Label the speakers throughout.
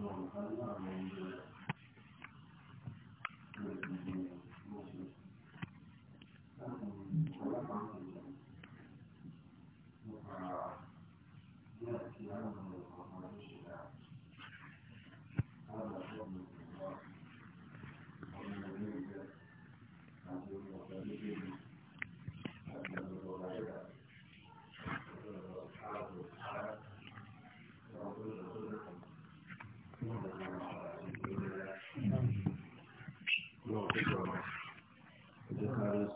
Speaker 1: Thank you.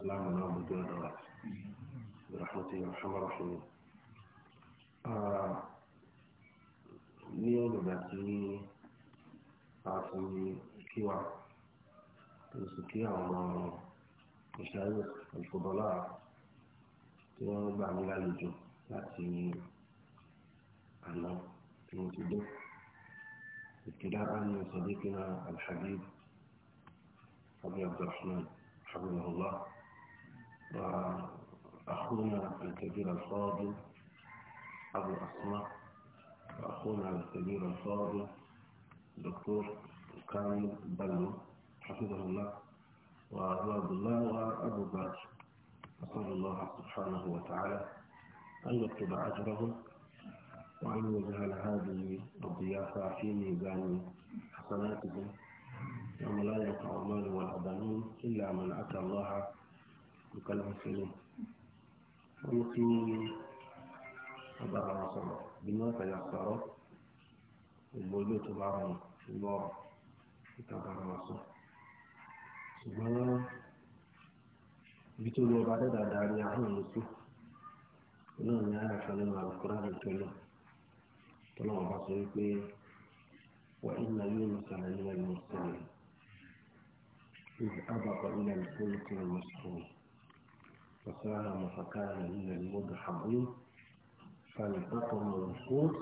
Speaker 1: láàmù náà mú dúró dára rahmatulahi rahmatulahi rahmatulahi. ní ọ̀gbà tí a fi kí wa oṣù kí àwọn ìṣàyẹ̀wò ìfọ̀dọ́lá tí wọ́n gbà mí lálejò láti àná tí mo ti dé. ابتداء من صديقنا الحبيب أبي عبد الرحمن حفظه الله وأخونا الكبير الفاضل أبو أسماء وأخونا الكبير الفاضل دكتور كامل بلو حفظه الله وأبو الله وأبو باكر أسأل الله سبحانه وتعالى أن يكتب أجرهم وأن يجعل هذه الضيافة في ميزان حسناتهم يوم لا ينفع المال ولا بنون إلا من أتى الله ìkọlà ìṣẹ̀lẹ̀ wọn ní kí ọba àwọn sọ̀rọ̀ bí wọn fẹlẹ sọ̀rọ̀ gbogbo ilé tó bá wọn lọ ìta bá wọn sọ ṣùgbọ́n ibi tó lọ bá dẹ́dà darí àwọn ọ̀hún sí náà ní àyàfẹ́ nínú àlùkùrá nìkẹ́lẹ̀ tó náà bá sọ wípé wà ìnà yóò lọ sàlẹ̀ nílẹ̀ lọ́sọ̀rọ̀ إذ أبق إلى الفلك المسحور فساهم فكان من المدحضين فالحكم منصوص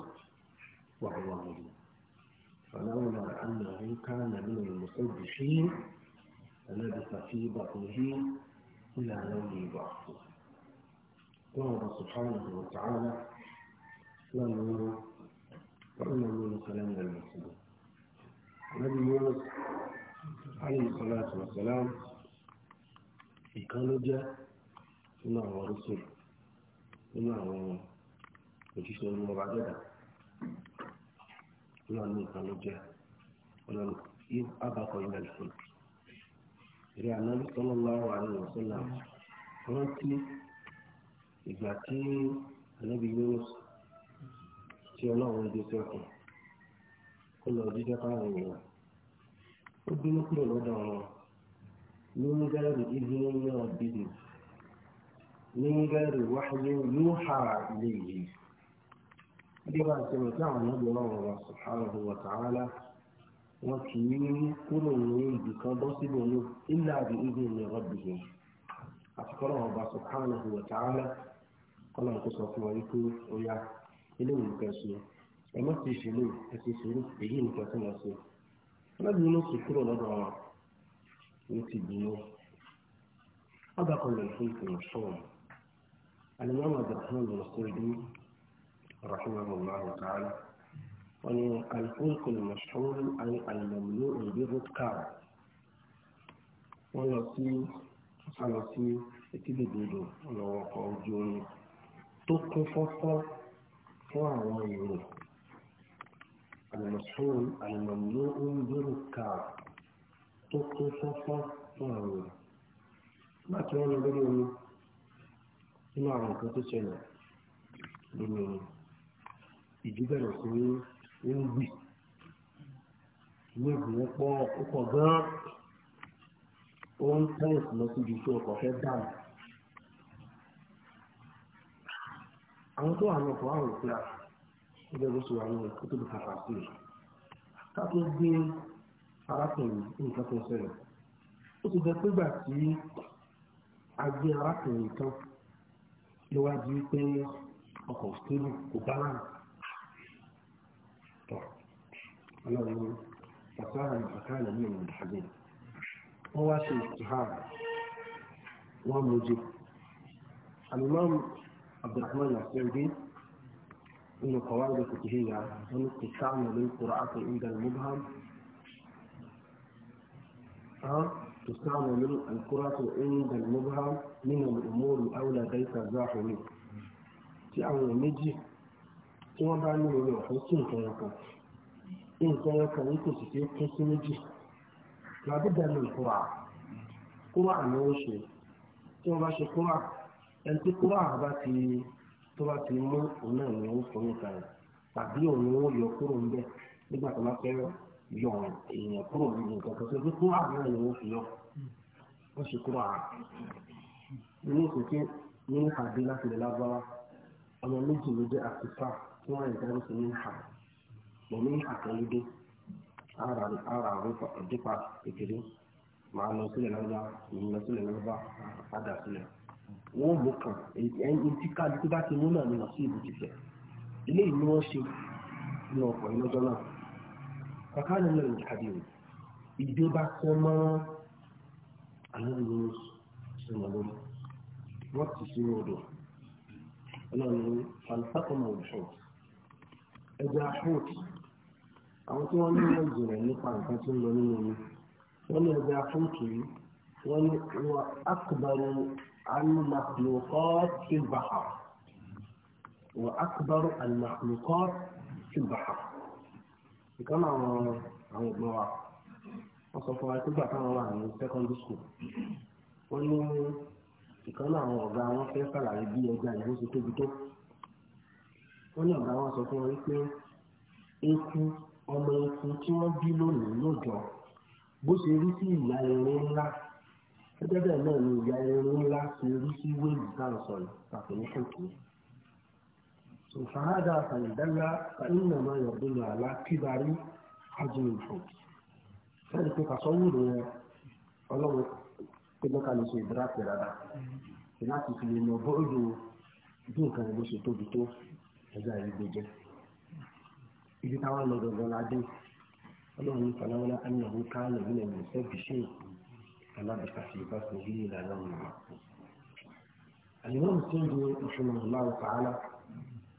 Speaker 1: وهو مجنون فلولا أنه كان من المسبحين لبث في بطنه إلى يوم يبعثه الله سبحانه وتعالى لم وإن يونس لمن المسلمين نبي يونس عليه الصلاة والسلام في جاء nínú àwọn rúṣù nínú àwọn òṣìṣẹ́ olùmọba dẹ́dà nínú àwọn nǹkan ló jẹ́ ọlọ́run yìí abakọ̀ ilẹ̀ ìfún. ìrẹ́ ànábì sallallahu alaihi wasallam rántí ìgbà tí ànábì Yunus tí ọlọ́run gbé sẹ́kùn kó lọ jíjẹ́ káwọn èèyàn ó bínú kúrò lọ́dọ̀ wọn ló ń gẹ́rẹ́ ìdílé ní ọ̀bìnrin. من غير وحي يوحى إليه nígbà tí mo tí àwọn ọmọdé ọlọ́run wa subhanahu wa ta'ala wọn kì í kúrò ní ibì kan bọ́ síbi òní ilà àbí ibi ìlú àti ọba subhanahu wa ta'ala kó sọ fún wa wípé ó yá ẹ má ti ṣèlú èyí أنا مع عبد الرحمن بن خلدي رحمه الله تعالى وأن الخلق المشحون أي المملوء بالركاب وأنا سي أنا سي إتي بدودو أنا وقع جوني توك فصل المشحون المملوء بالركاب توك فصل فوا ما تقولوا بدوني nínú àwọn nǹkan tó ṣẹlẹ̀ nínú ìdíbẹ̀rẹ̀ sí ń gbì ní ìgbìmọ̀ pọ̀ ó pọ̀ gan-an ó ń tẹ́ ìsúná síbi tí ọkọ̀ fẹ́ dànù. àwọn tó wà ní ọkọ̀ àwọn òfin àti ẹgbẹ́ bó ṣe wà ní ọkọ̀ tó lè kàkà sí i. ká tó gbé arákùnrin nǹkan tó ń ṣẹlẹ̀ ó ti jẹ́ pé gbà tí a gbé arákùnrin tán. ló wá di pé ọkọ̀ òṣèlú kò balance tọ̀ ọlọ́run fàtàrà ní fàtàrà ní ìrìn àjò wọ́n wá ṣe ìtìhàrà wọ́n mojú alimam abdulrahman yasirgi inú kọ̀wáì da kùtù hìyà wọ́n ti sáàmù lórí kùrọ̀ àti ìdàlmùbham تستعمل الكرة عند المبهم من الأمور الأولى بيت الزاحمين tí àwọn méjì tí wọ́n bá ní orí ọ̀fẹ́ sí nǹkan ẹ̀kan nǹkan ẹ̀kan yìí kò sì ṣe kún sí méjì làbúdà yọ èèyàn kúrò nínú nǹkan kan tó kúrò àwọn èèyàn ló fi yọ wọ́n ṣe kúrò àrà inú ìsìnkú ní àdé láti lè lágbára ọmọ méjì ló jẹ́ àtìfà tí wọ́n ń darí sí ní ìhà pẹ̀lú àtẹ̀lédé ara àrùn dípa kékeré màá lọ sílẹ̀ lọ́gbà ìyìn lọ sílẹ̀ lọ́gbà padà sílẹ̀ wọ́n mú kàn ẹni tí káàdì tó bá ti mú náà ni wọ́n sí ìbùjì ilé ìlú wọn ṣe ní ọkọ̀ ìlọ́jọ́ náà. فكان من المجحدين ìjọba kan mọ́ àlọ́run sọ̀rọ̀ wọ́n ti sí ọ̀dọ̀ ọlọ́run fanfàkọ́mọ̀ ọ̀ṣọ́ ẹja hoot àwọn tí wọ́n ní wọ́n jìnà nípa nǹkan tó ń lọ nínú omi wọ́n ní ẹja hoot yìí wọ́n ní wọ́n akbaru alimakhlukọ́t fi bàhà wọ́n akbaru alimakhlukọ́t fi bàhà ìkan náà àwọn àwọn ògbọ́n wa wọ́n sọ fún wa pé gbàtà wọn wà ní secondary school ó ní ìkan náà àwọn ọ̀gá wọn fẹ́ sàlàyé bí ẹja ìbò ṣe tóbi tó wọ́n ní ọ̀gá wọn sọ fún wọn pé eku ọmọ eku tí wọ́n bí lónìí lóòjọ́ bó ṣe rí sí ìyá erin ńlá gẹ́gẹ́ bẹ́ẹ̀ náà ni ìyá erin ńlá ṣe rí sí wéèlì tá à ń sọ فهذا فإن فإنما يدل على كبر حجم الحوت ذلك تصور ọlọ́run pẹ̀lú kalẹ̀ ṣe ìdíràpẹ̀ rárá láti fi lè mọ bọ́ọ̀lù bí nǹkan ìbò ṣe tóbi tó ẹja ìgbè jẹ ibi táwọn lọ gbọgbọ ládé ọlọ́run ní faláwọlá ẹnìyàwó káàlẹ̀ nílẹ̀ ní sẹ́ẹ̀bì ṣe alábìkà sí ìbáṣe yìí ìlànà ìwà àyẹ̀wò tí ó di ìṣúná ìlà ọ̀tàlá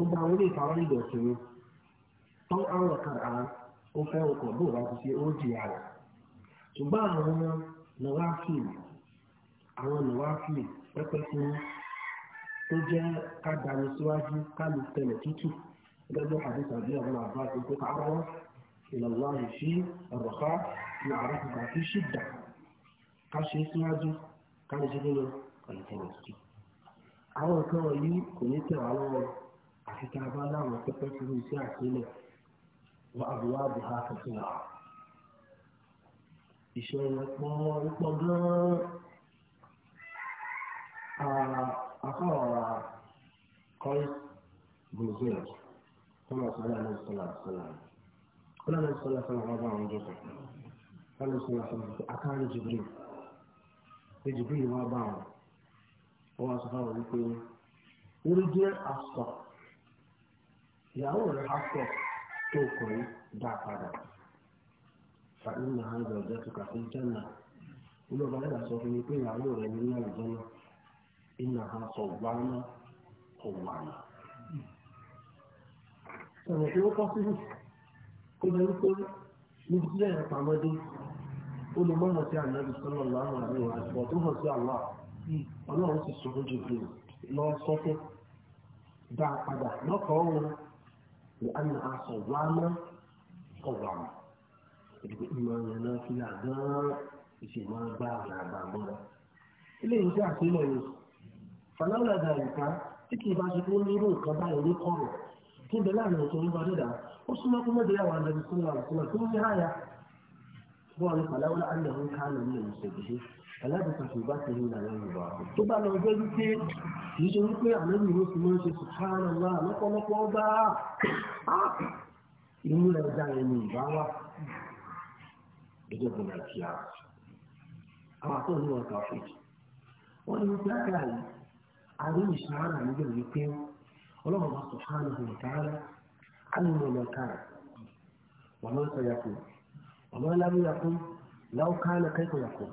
Speaker 1: gbogbo àwọn ilé ìfàwọn ìlú òṣèré tó àwọn kàrà ó fẹ́ ọkọ̀ bó wá ti ṣe ó di ara ṣùgbọ́n àwọn nàwáfíì àwọn nàwáfíì pẹ́pẹ́ fún tó jẹ́ ká dání síwájú ká lè tẹ̀lé tútù gẹ́gẹ́ àdúgbò àbí àwọn àbá tó kó kára wọn ìlànà ìfi ọ̀rọ̀ká ní àrà kàkà fi ṣìdà ká ṣe síwájú ká lè ṣe nínú ọ̀nà tẹ̀lé tútù àwọn nǹkan wọ̀nyí kò ní tẹ̀ wá lọ́wọ́ àti tá a bá láwọn pẹpẹ fún iṣẹ́ àtìlẹ wọn àbúrò àbúrò àkàtún wa iṣẹ́ wọn pọ̀ pọ̀ gan-an àfọwọ́ra kọ́ńtì bùnzẹ́ẹ̀ kọ́nà sọ́lá ní sọ́lá sọ́lá kọ́nà ní sọ́lá sọ́lá wọn bá wọn jọ́kọ̀ kọ́nà sọ́lá sọ́lá akáàrí jìbìrì ní jìbìrì wọn bá wọn wọn sọ fáwọn wípé orí jẹ́ àsọ̀. ìyàwó rẹ̀ á sọ tó kọ̀ yí dá padà fàánù náà ń gbọ̀dọ̀ tó kà fún jẹ́nà olú ọba lẹ́yìn sọ fún mi pé ìyàwó rẹ̀ ní ní iná á sọ wáná tí kọ́ kó lè pé ní sọ́nà ìwà tó hàn لأنها صوامة صوامة ìdìbò ìmọ̀ràn fi àgán ìṣèlú agbá àgbà mọ́ra. ilé iṣẹ́ àfihàn yìí fanáwùlà gàríkà tí kì í bá ṣe tó ní irú nǹkan báyìí ní kọ̀rọ̀ tí ń bẹ láàrin ètò nípa dídà ó súnmọ́ fún mọ́tò yàwó àndàbí fún wa fún wa tó ń yára ya. bọ́ọ̀lù fanáwùlà àndàbí kánà ní ìṣèjì alábùkàtù bá ti rí àwọn yorùbá tó bá lọ jẹ́ wípé kì í ṣe wípé àlejò ìwé ti máa ń ṣe subhanallah lọ́pọ̀lọpọ̀ ọba inú ẹ̀dá ẹni ìbá wà gẹ́gẹ́ bí nàìjíríà àwọn àtọ́ ní wọn kà fún un wọ́n ní wípé àkàrà yìí àrí ìṣàárà níbẹ̀ wípé ọlọ́run bá subhanahu wa ta'ala ánìmọ̀ lọ́kàrà wọ́n lọ́sọ̀ yàkùn wọ́n lọ́lámú yàkùn láwùkánà kẹ́kọ̀ọ́ yàkùn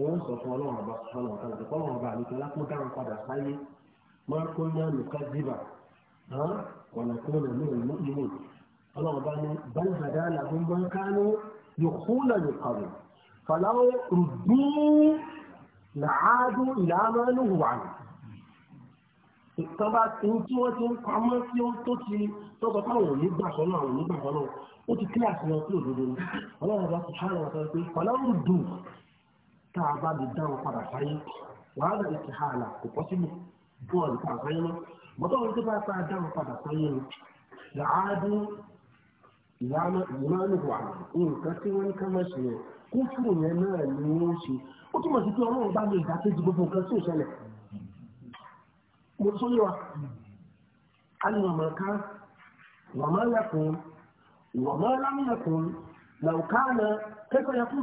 Speaker 1: wọ́n sọ fún ọlọ́run ọba sọ́nà ọ̀tá ìjọ ọlọ́run ọba àlejò lápúdàrún padà sáyé máa kó ní àmì kájíbà ọ̀nà tó nà ní ìlú ìlú ọlọ́run ọba ní báńkàdá làbún báńkánú yòókùnà nìkàwé fàlàwọ́ rùdú làádú ìlànà lùwà ìtọ́ba tí wọ́n ti ń pamọ́ tí ó tó ti tọ́jọ́ táwọn ò gbà sọ́nà àwọn gbà sọ́nà ó ti kíláàsì lọ sí òdodo ọlọ́run ọba sọ̀rọ̀ àwọn ọ̀tá tá a bá lè dá wọn padà sáyé wàhálà hala ko pọ́ sínú fún ọ̀lùkọ́ àgbáyé mọ́ mọ́tò wọn tó bá tá a dá wọn padà sáyé ni làádú ìmánu wà nǹkan tí wọ́n ní ká máa ṣe yẹn kó fún yẹn náà ni wọ́n gbogbo nǹkan mo tún yẹ wa làwùká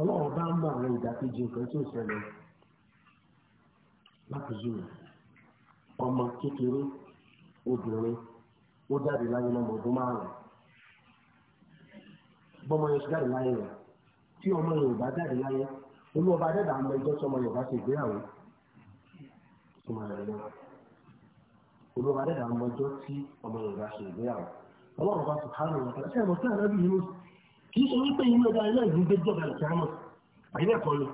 Speaker 1: ọlọ́run bá mọ àwọn ìdàkejì nǹkan tí ṣẹlẹ̀ rẹ̀ ọmọ kékeré obìnrin ó jáde láyé lọ́mọ ọdún márùn-ún bọ́mọ yẹn ṣe jáde láyé rẹ̀ tí ọmọ yorùbá jáde láyé olú ọba dẹ́gbà mọ ẹjọ́ tí ọmọ yorùbá ṣe ìgbéyàwó tó máa rẹ̀ olú ọba dẹ́gbà ẹjọ́ tí ọmọ ṣe ìgbéyàwó ọlọ́run bá kì í ṣe wípé inú ẹ̀dá ilé ìlú gbé jọba ìjámọ̀ àyè ẹ̀kọ́ ni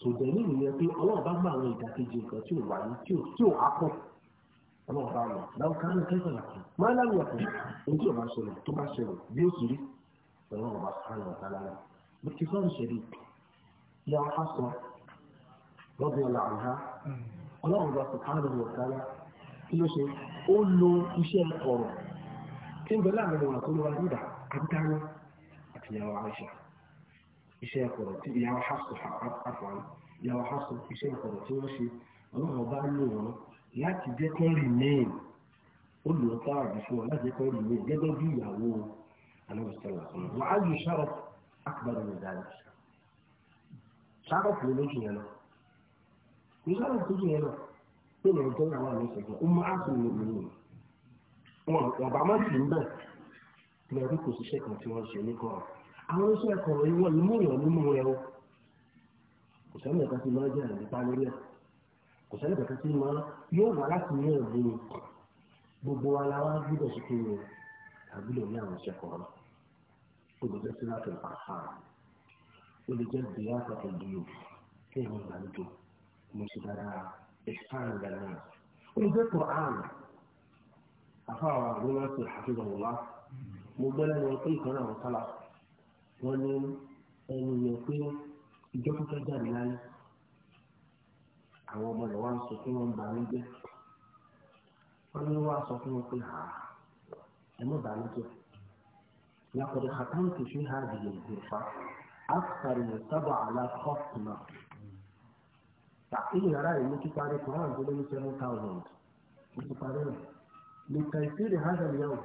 Speaker 1: ṣòdẹ̀ ní ìrìnlẹ̀ pé ọlọ́run bá gba àwọn ìdàkejì nǹkan tí ò wà ní tí ò tí ò akọ ọlọ́run bá wọn láwọn ká ní kẹsàn án máa láwọn ọ̀pọ̀ ohun tí ò bá ṣẹlẹ̀ tó bá ṣẹlẹ̀ bí ó sì rí ọlọ́run bá sáré ọ̀tá lára bí kí sọ́ọ̀rù ṣẹlẹ̀ ìyá afásọ lọ́dún ọ̀la àná ọlọ́run bá sáré ọ̀tá lára kí ló ṣe ó lo iṣẹ́ ọ̀rọ̀ tí ń bẹ láàrin wọn àtọ́lọ́wà nígbà àbíkáyọ́ àti ìyàwó Aisha iṣẹ́ ẹ̀kọ́rọ̀ tí ìyàwó Hafsa àfàl ìyàwó Hafsa iṣẹ́ ẹ̀kọ́rọ̀ tí wọ́n ṣe ọlọ́run bá lò wọ́n remain olùrọ̀tà àdúgbò wọn láti jẹ́ remain gẹ́gẹ́ bí ìyàwó anábìsọ̀rọ̀ wà á yù sharaf akbar min dhalik sharaf ló lójú yẹn lọ kò sharaf lójú yẹn lọ wọn má ń bẹ̀ kò tí wọ́n ṣe ní àwọn iṣẹ́ ẹ̀kọ́ ìwọ ìmú ìyàn nínú rẹ o kò sẹ́ni ẹ̀ka tí máa jẹ́ àyè nípa lórí ẹ̀ kò sẹ́ni ẹ̀ka tí máa yóò wá láti ní ẹ̀gbìn ni gbogbo ara wa gbúdọ̀ sí kí ni àgbúdọ̀ ní àwọn iṣẹ́ kan ó lè jẹ́ síláàtì àfà ó lè jẹ́ bìyà àtàkùn ìlú kí ẹ̀mí ìgbàlejò mo sì dára ẹ̀fán ìgbàlejò ó lè jẹ́ kọ̀ àrùn àwọn àgbọ̀n láti àfihàn wọ́n mo gbọ́ lẹ́nu ọ̀pẹ́ ìkànnì àwọn kálá wọ́n ní ẹnu yẹn pé ìjọ tó jáde láyé àwọn ọmọ rẹ̀ wá ń sọ fún wọn bàánú jẹ́ wọ́n ní wọ́n á sọ fún wọn pé hà ẹ mọ̀ bàánú ara لقد ختمت في هذه الغرفة 7000 لتيسير هذا اليوم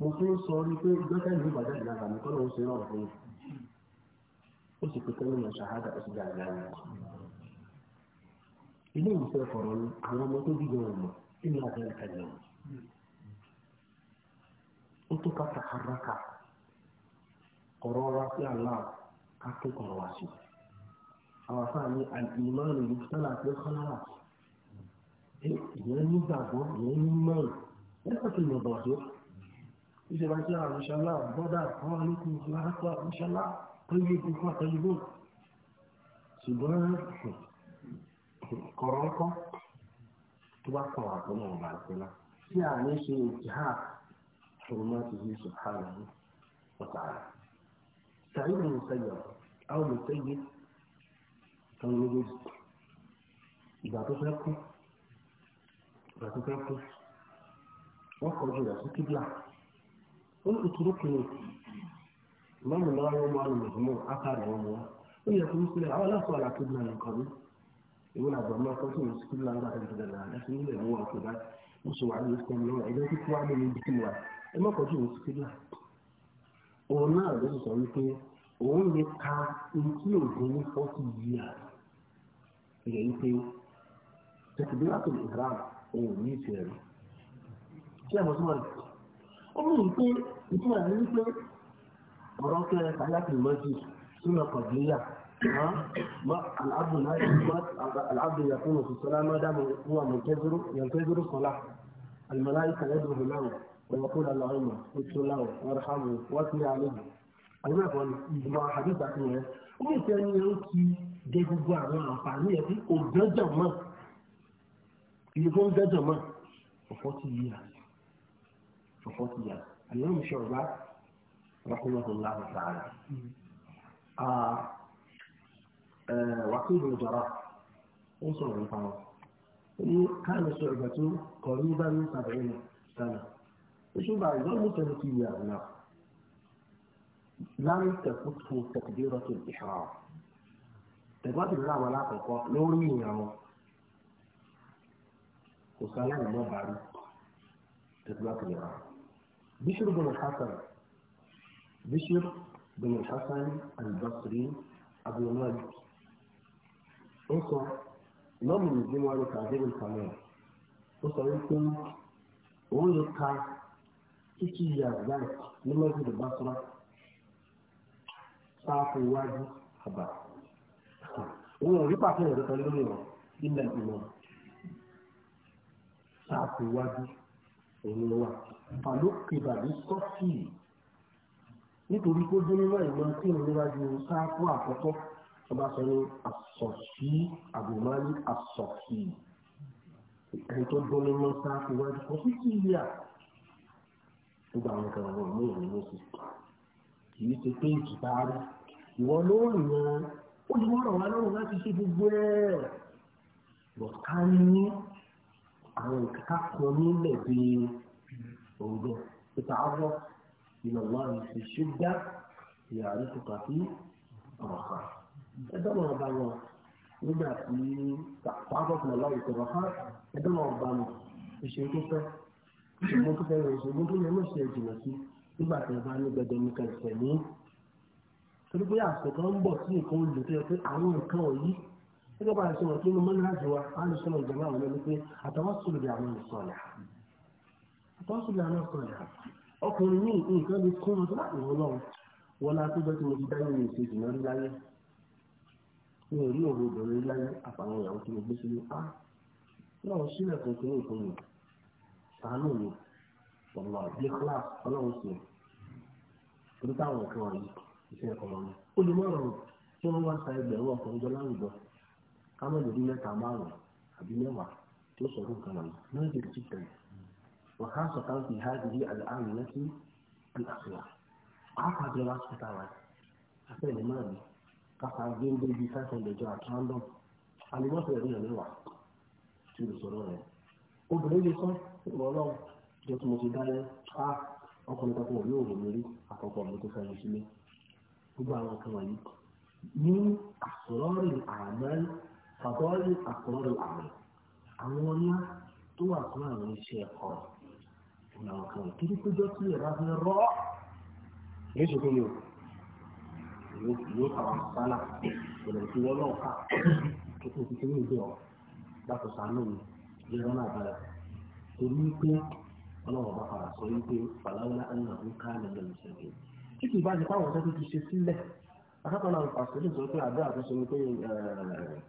Speaker 1: mo fi ń sọ orí pé gbọ́dọ̀ ní ìbàdàn ìlànà mi kọ́ ló ń ṣe náà fún mi ó sì pé kẹ́lẹ́ náà ṣàhádà ó sì dá ìlànà rẹ̀ ilé ìfẹ́ fọ̀rọ̀ ni àwọn ọmọ tó dìgbò rẹ̀ mọ̀ nínú àbẹ̀rẹ̀ kẹlẹ̀ wọn ó tó ká tàkàràkà ọ̀rọ̀ wa sí àlá ká tó kọ̀rọ̀ wá sí àwọn afáàní àìmọ́rin yìí sọ́nà tó kọ́lára ìyẹn nígbàgbọ́ ìyẹn ní ìṣẹ̀lá sí àrùṣálá bọ́dà àwọn alẹ́kùn ìṣẹ̀lá sí àrùṣálá tó yé gbogbo àtẹ̀yìnbó ṣùgbọ́n kọ̀rọ̀ ń kọ́ tó bá kọ̀ àtọ́nà ọ̀bà ìṣẹ̀lá sí àárín ṣe ìjìhá ṣùgbọ́n ti yé ṣùgbọ́n wọ́tàrà sàyìn ní sẹ́yìn àwọn olùsẹ́yìn kan méjèèjì ìgbà tó fẹ́ kú ìgbà tó fẹ́ kú wọ́n kọjú rẹ̀ sí kíbla ó ní ìtúrúkùnrin ìmáàmù náà wọn máa ń lò mọ ákàrà wọn wọn ó yẹ kó sílẹ̀ àwọn aláṣọ àlàkí náà nǹkan mi ìwọ làbọ̀ máa kọ́ sí ìwọ̀n síkúlù lára àti ìdílé náà ẹ̀sìn nílẹ̀ mú wa kó báyìí ó sì wà ní ìsìnkú náà ẹ̀jẹ̀ kíkú wá nínú ibi tí mo wà ẹ má kọjú ìwọ̀n síkúlù náà òun náà ló sọ wípé òun lè ka ohun tí òògùn ní fọ́tì yìí à ìyẹn wípé tẹkidínlátò ìhàrà òun ní ìtì ó mú ìpè ìtumọ̀ rẹ̀ wípé ọ̀rọ̀ kẹrẹ kàyàtì mọ́jì sínú kọ̀díyà العبد يكون في الصلاة ما دام هو منتظر ينتظر الصلاة الملائكة يدعو له ويقول اللهم اغفر له وارحمه واتل عليه àwọn ẹ̀kọ́ ìgbìmọ̀ àdìgbà tó yẹ ó lè fẹ́ ní ẹ̀rọ ti dé gbogbo àwọn àǹfààní ẹ̀ tí kò mọ́ iye tó ń dẹ́jọ̀ mọ́ for forty for 40 years. And Imam Shurba, rahimahullah آه Uh, uh, Waqib al-Jarrah, also كان شعبة قريبا من 70 سنة. وشعبة يظل 70 years now. لم تفته تكبيرة الإحرام تكبيرة الإحرام ولا تقوى لوري يوم وصلاة بعد تكبيرة الإحرام بشر بن الحسن بشر بن الحسن البصري أبو الملك أنصر نوم من الجمعة تعذيب الكمال أنصر يمكن ويقع تكي يا لما لمسجد البصرة ساعة واجب خبر wọn rí pàṣẹ ìrẹsẹ lórí wọn ilẹ̀ ìmọ̀ ṣáàpù iwájú ẹ̀yìn wa pàló ìbàdí sọ́ọ̀tì nítorí kó dé nínú ìmọ̀ tí ìrìn níwájú sáàpù àkọ́kọ́ tó bá sọ ní asọ̀fì àbùmọ́lì asọ̀fì ẹni tó dún nínú sáàpù wájú kò sí sí ilé à nígbà àwọn kan àwọn ìmọ̀ ìrìn ló sì kì í ṣe pé ìjìbá rẹ ìwọ ló ń yan ó ti wọ́n rọ̀ wá lọ́rùn láti ṣe gbogbo ẹ̀ lọ́ọ̀ká ní àwọn ìka kan nílẹ̀ bí òǹgbẹ pípa ọwọ́ ìlọ́wọ́ ìfi ṣúgbà ìyàrí kùkà sí ọ̀hà ẹgbẹ́ wọn bá wọn nígbà tí pàápàá fún ọlọ́run ìtọ̀rọ̀ hàn ẹgbẹ́ wọn bá wọn ìṣòro tó fẹ́ ìṣòro tó fẹ́ rẹ̀ ìṣòro tó yẹ lọ́sẹ̀ jìnnà sí nígbà tí wọn bá ní gbẹdẹ̀ nìkan ìfẹ̀ torí pé àṣẹ kan ń bọ̀ sí nǹkan gẹ́gẹ́ bá a ṣe wọ̀n nínú manhaj wa alùsùn náà jẹ̀mọ́ àwọn ẹni pé àtàwásùn lè àwọn ìsọ̀lá àtàwásùn lè àwọn ìsọ̀lá ọkùnrin ní nǹkan lè kún ọdún láti wọ́n lọ́wọ́ wọn la tó bẹ́ tí mo ti dáyé ní ìṣe ìdùnnà rí láyé mi ò rí òru obìnrin rí láyé àfàwọn ìyàwó tí mo gbé sílé á ah! náà sílẹ̀ tuntun ní ìfún mi àánú mi ká má lè rí mẹ́ta márùn-ún àbí mẹ́wàá tó sọ̀rọ̀ nǹkan wọ̀nyí lóde tí tẹ̀lé wọ́n ká sọ̀tà ń fi háàdìrí àlàáhùn lẹ́sí àlàáfíà pàápàá jẹ́ wá sọ̀tà jọ àtúndọ̀m àlùmọ́sẹ̀ rí ọ̀rẹ́ wa tí o sọ̀rọ̀ rẹ̀ obìnrin lè sọ ìrọ̀lọ́wọ́ jẹ́ fàtọ́rí àkọ́rọ̀ àmì àwọn ọlá tó wà fún àwọn iṣẹ́ ọ̀rọ̀ ìlànà kan kiri péjọ tí ìrà fi rọ́ yóò ṣe kí ni o yóò kà wọn sálà ìrìn tí wọn náà kà kékeré ti kékeré ìgbé ọ láti sàánú mi lẹ́rọ náà bẹ̀rẹ̀ torí pé ọlọ́wọ́ bá fara sọ wípé fàlàwọ́lá ẹ̀yìn àwọn ká ní ẹ̀yìn ìṣẹ̀lẹ̀ tí kì í bá ọ̀sẹ̀ tó ti ṣe sílẹ̀ akẹ́kọ̀ọ́ náà pàṣẹ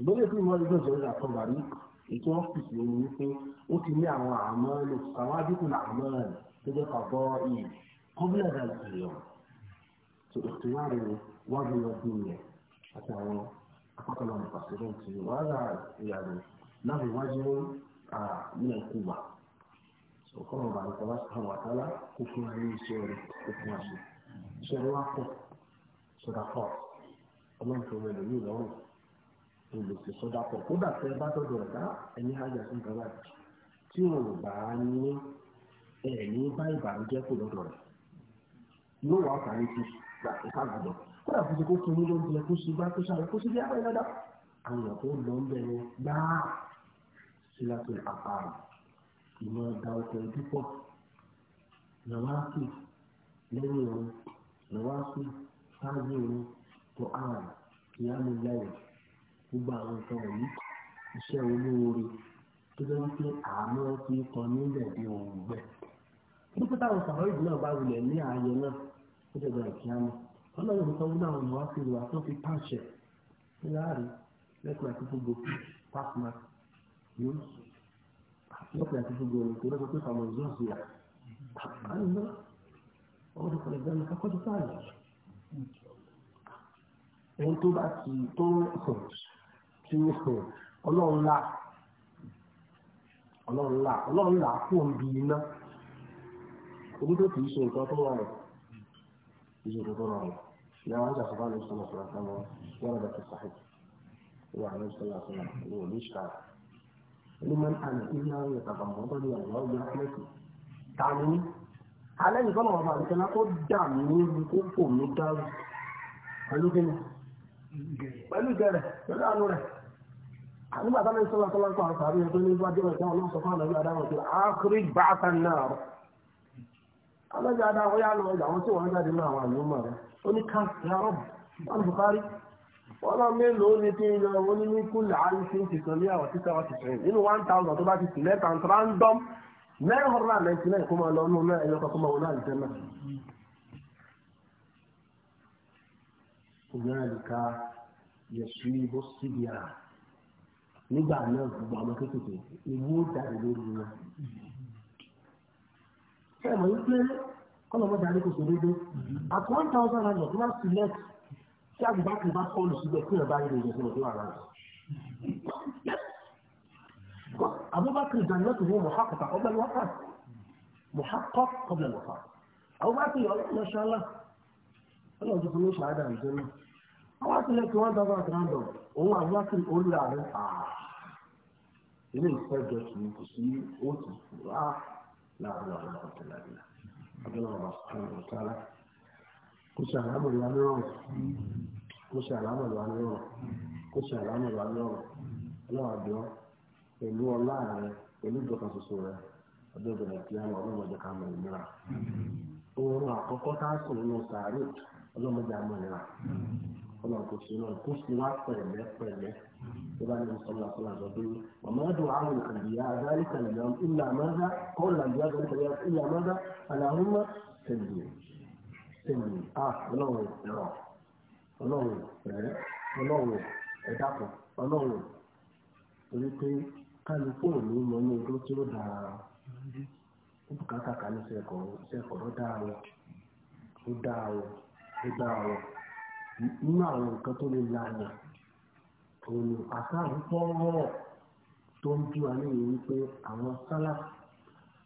Speaker 1: ṣùgbọ́n lè fún ìmọ̀lẹ́ ìjọba ìjọba àtọ̀bàrí ètò ọ́fíìsì òun wípé ó ti ní àwọn àmọ́ lè àwọn àdínkù àmọ́ rẹ̀ tó jẹ́ pàbọ́ ìyè kọ́bílẹ̀ rẹ̀ ìyọ̀ tó ìtìwárí wọ́n bí wọ́n bí yẹn àti àwọn akọ́kọ̀lọ́ pàṣẹ́dẹ̀ǹtì wàhálà ìyàrá láti wájú ní ẹ̀kúwà ọ̀kọ́rọ̀ ọ̀bà nípa wá sàn kó fún wa ní iṣẹ́ rẹ̀ kó fún wa ṣe iṣẹ́ rẹ̀ wá pọ̀ sọ̀dà pọ̀ ọlọ́run tó rẹ̀ lórí ìlọ́rùn olùsè sọdá pọ̀ kódà tẹ́ bá dọ̀dọ̀ ọ̀dá ẹni hájà sí ìgbà wáyé tí wọn ò bá ní ẹ̀ẹ́ní bá ìbànújẹ́ kò lọ́dọ̀ rẹ̀ yóò wá fàáyé tó gbà ìka gbọdọ̀ kódà fún kó fún nílò oúnjẹ kó ṣe bá kó ṣàlẹ̀ kó ṣe bí abẹ́ dáadáa àwọn èèyàn tó lọ ń bẹ̀rẹ̀ gbáà sí láti àpárá ìmọ̀ ẹ̀dá ọkọ̀ ojú pọ̀ nàwáàkì lẹ́yìn òun nàwáàkì sáájú òun tó àrùn kìí gbogbo àwọn nǹkan wọ̀nyí iṣẹ́ olóore tó jẹ́ wípé àánú ti kọ nílẹ̀ bí òun gbẹ. nípa táwọn sàrọ́ọ̀dì náà bá wulẹ̀ ní ààyè náà ó jẹ́ bẹ̀rẹ̀ kí á mọ̀ ọlọ́run nǹkan wúlò àwọn ìwà sí ìwà tó fi pàṣẹ láàrin lẹ́kùn àti gbogbo pàṣẹ yóò lẹ́kùn àti gbogbo ọ̀rọ̀ tó lọ́sọ pé àwọn ìjọ sí wa àbáyé náà ọmọdé kan ìgbà ní kakọ́jú sáàyè ẹni tó bá ti tó sọ̀rọ̀ tí ọlọ́run là ọlọ́run là ọlọ́run là kó ń bi iná orí tó kì í ṣe nǹkan tó rọrùn kì í ṣe nǹkan tó rọrùn ìyàwó ń ṣàṣọpá lóṣù tó lọ sọ̀rọ̀ sáwọn yàrá bàtà sàhìd ìwà àlọ́ ìṣẹ̀lẹ̀ àṣọlá ìwà òní ìṣàlá liman ana illa ya tabammadu li Allah bi rahmati tani alẹ́ nìkan náà bàbá ìṣẹ̀lá tó dà mí níbi tó fò mí dárú pẹ̀lú kíni pẹ̀lú ìjẹ rẹ̀ pẹ̀lú àánú rẹ̀ nígbà táwọn ìṣọ́lá tó láńkọ́ àwọn sàárì ẹgbẹ́ ní ìwájú rẹ̀ táwọn olóńsọ fún àlọ́jọ́ adáwọn tó ákírí bàtà náà alọ́jọ́ adáwọn yá lọ ọjà àwọn tí wọ́n jáde náà àwọn àlùmọ̀ rẹ̀ ó ní káàkiri arọ́b wọn bùkárí wọn náà mélòó ni kí n yọ wọn ní ní kúlẹ̀ àìsí tìtàn ní àwọn títà wọn tìtàn nínú one thousand tó bá ti tì lẹ́tà random nine hundred and ninety nígbà náà gbogbo àwọn kékeré ewu ó jáde lórí wọn. ṣé mo ń pé kọ́lọ́mọ́ darí kò sí at one thousand naira tí wọ́n select tí àgùbá kì í bá fọ́ọ̀lù síbẹ̀ kí ìrọ̀bá yìí yẹ sí ọ̀dọ́ àrà rẹ̀. Abubakar jannat wo muhakkaka qabla al-wafat muhakkak qabla al Abubakar yọ ma Ọlọ́run tuntun ló ṣàádà ìṣẹ́ náà àwọn àtìlẹ́kùn wọn dábàá àtìlẹ́kùn òun Abubakar olùdarí ilé ìfẹ́jọ tún kò sí owó tó rà láàrin àwọn ọ̀tẹ̀lá ìlà abẹ́lẹ́ ọ̀rọ̀ àwọn ọ̀tẹ̀lá kò sí àlámọ̀ ìwà nírọ̀rùn kò sí àlámọ̀ ìwà nírọ̀rùn kò sí àlámọ̀ ìwà nírọ̀rùn ọlọ́wà pẹ̀lú ọlá rẹ pẹ̀lú ìjọba soso rẹ ìbẹ̀rẹ̀ lọ ọlọ́mọdé ká àkọ́kọ́ a sùn nínú sàárè ọlọ́mọdé يبقى النبي صلى الله عليه وسلم وما دعاء الانبياء ذلك اليوم إلا ماذا؟ قول الانبياء ذلك اليوم الا ماذا؟ اللهم سلمي سلمي اه ولو يرى ولو يرى ولو يدعو ولو يرى kálukú òní mọ ní ọdún tí ó dára ó bùkátà ká ní sẹ́kọ̀ọ́ ló dára wọn ó dára wọn ó dára wọn nínú àwọn nǹkan tó lè la yàn òun àtàwọn fọ́nrọ́ tó ń bí wa lóye wípé àwọn sálà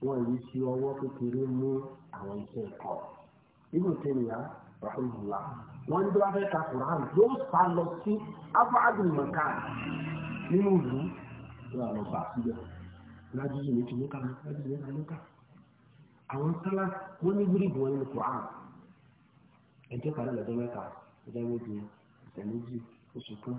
Speaker 1: wọn yìí fi ọwọ́ kékeré mú àwọn iṣẹ́ ẹ̀kọ́ ibò tẹ̀yà rahimahullah wọn ní bíwá fẹ́ ka quran yóò sá lọ sí abáàdùn mọ̀ká nínú ìlú yóò lọ bá síbẹ̀ lájú yìí ní ti mú ká lájú yìí ní ká mú ká àwọn sálà wọn ní gírígì wọn nínú quran ẹ̀jẹ̀ padà lọ́dọ̀ mẹ́ta ẹ̀jẹ̀ méjì ọ̀sẹ̀ méjì oṣù kan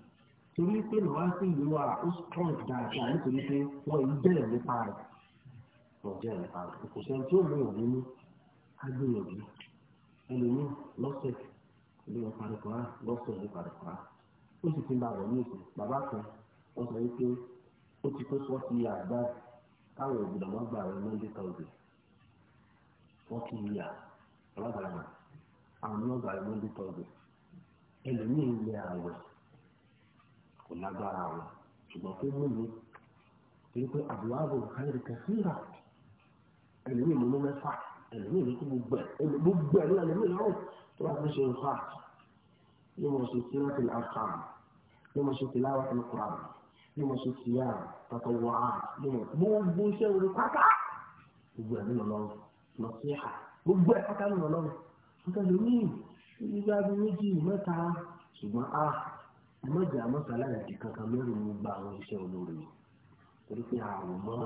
Speaker 1: torí pé màá sí ìlú wa ó strong dáadáa nítorí pé wọ́n ń bẹ̀rẹ̀ nípa rẹ̀ wọ́n jẹ́ nípa rẹ̀ kò tí ó mú nínú agbóyọ̀bí ẹlòmíì lọ́sẹ̀ ilé wọn lọ́sẹ̀ ilé ó sì ti ń ba wọ̀ ní ìsìn bàbá kan wọ́n sọ wípé ó ti kó fọ́ọ̀tì àgbà káwọn òbúdà gbà rẹ̀ kò lágbára wọn ṣùgbọ́n pé mú mi torí pé àbúrò káyọ̀ kan síra ẹlòmíì ló mẹ́fà ẹlòmíì ló kó gbogbo ẹ gbogbo ẹ ní ẹlòmíì lọ́rùn tó bá fi ṣe ń fà ní mo ṣe tí wọ́n ti lè fà ní mo ṣe ti láwọn ẹni kura ní mo ṣe ti yá tọ́tọ́ wọ́ á ní mo gbogbo iṣẹ́ orí pátá gbogbo ẹ nínú lọ́rùn lọ sí ẹ̀ka gbogbo ẹ pátá nínú lọ́rùn nígbà lómi ìgbà méjì mẹ́ta ṣùgbọ́n a. Ah, mọ̀jà mọ́sálàyà di kankan lórí mi gba àwọn iṣẹ́ olóore yìí torí pé àwọn mọ́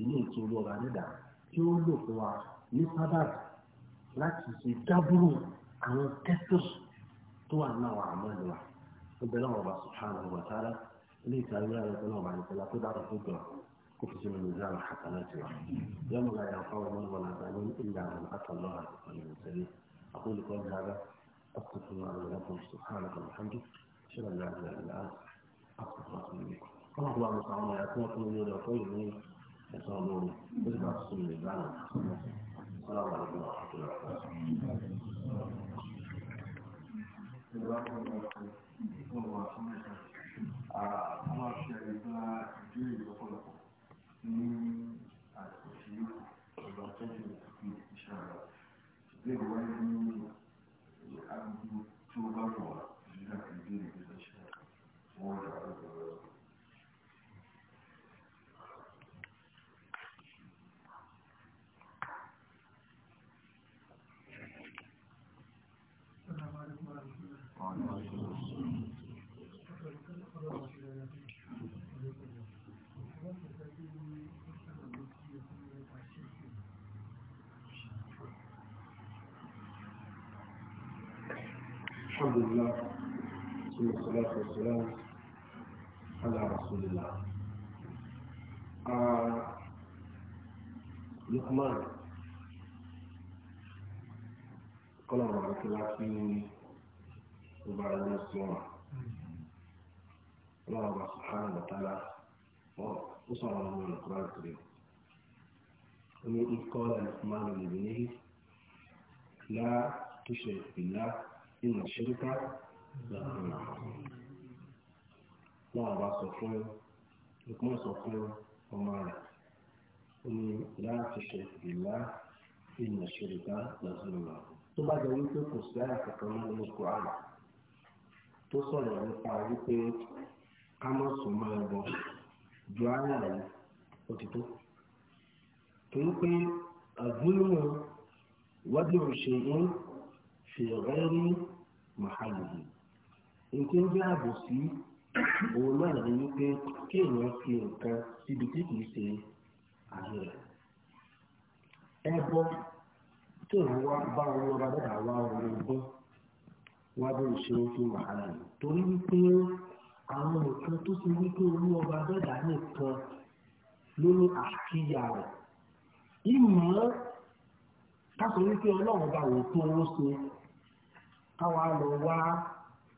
Speaker 1: ilé ìtura ọ̀rọ̀ àdẹ́dà tí ó lò fún wa ní sábàbí láti ṣe dábúrò àwọn tẹ́tọ̀ tó wà ní àwọn àmọ́ ìlú wa ó bẹ̀rẹ̀ àwọn ọba subhanahu wa ta'ala ilé ìtura ìlú àwọn ìpínlẹ̀ ọba nìkan lápẹ́ dára tó jọ kó fi sínú ìlú àwọn àkàlà tiwa yọmọ láyà fáwọn ọmọ ìwọ̀n àgbáyé ṣé wà láàrin àgbà ọmọ àwọn ọmọ ẹ̀kọ́ fún mi lórí ọ̀fọ́ yìí ẹ̀sán olórí ó sì máa sún mi lánàá sọ́láwà lọ́wọ́ àkọ́kọ́ àkọ́kọ́. Àwọn àṣẹ ìgbà ìdílé ìlọ́pọ̀lọpọ̀ ní والصلاة والسلام على رسول الله آه، لقمان قال بارك الله في وبعد الصلاة الله سبحانه وتعالى وصلى الله على القرآن الكريم ومن قال لقمان لابنه لا تشرك بالله إن الشرك náà bá sọ fún ìpínlẹ̀ sọ fún ọmọ rẹ̀ ó ní láti ṣe ìlà ìyìn ṣèlúgá lọ́sọ̀rọ̀ tó bá jẹ́ wípé kò sí àyàkọ̀kọ̀ nínú kùránà tó sọ̀rọ̀ nípa wípé ká má sùn máa ń bọ̀ ju ara rẹ̀ ó ti tó torí pé àgbélùmọ̀ wájú òṣèlú fi ọ̀rẹ́ rí màhálùú ètò ń jẹ́ ààbò sí òun náà ní wípé kéèyàn fi nǹkan síbi tí kìí ṣe àyè rẹ̀. ẹbọ tí òun wá bá wọn lọ́ba dábàá wá wọn ogún wá bí ìṣòro fún wàhálà yìí torí wípé àwọn nǹkan tó ṣe wípé olú ọba dọ́dà nìkan ló ní àkíyà rẹ̀ ìmọ̀ káṣọ wípé ọlọ́run bá wò tó owó ṣe káwa lọ wá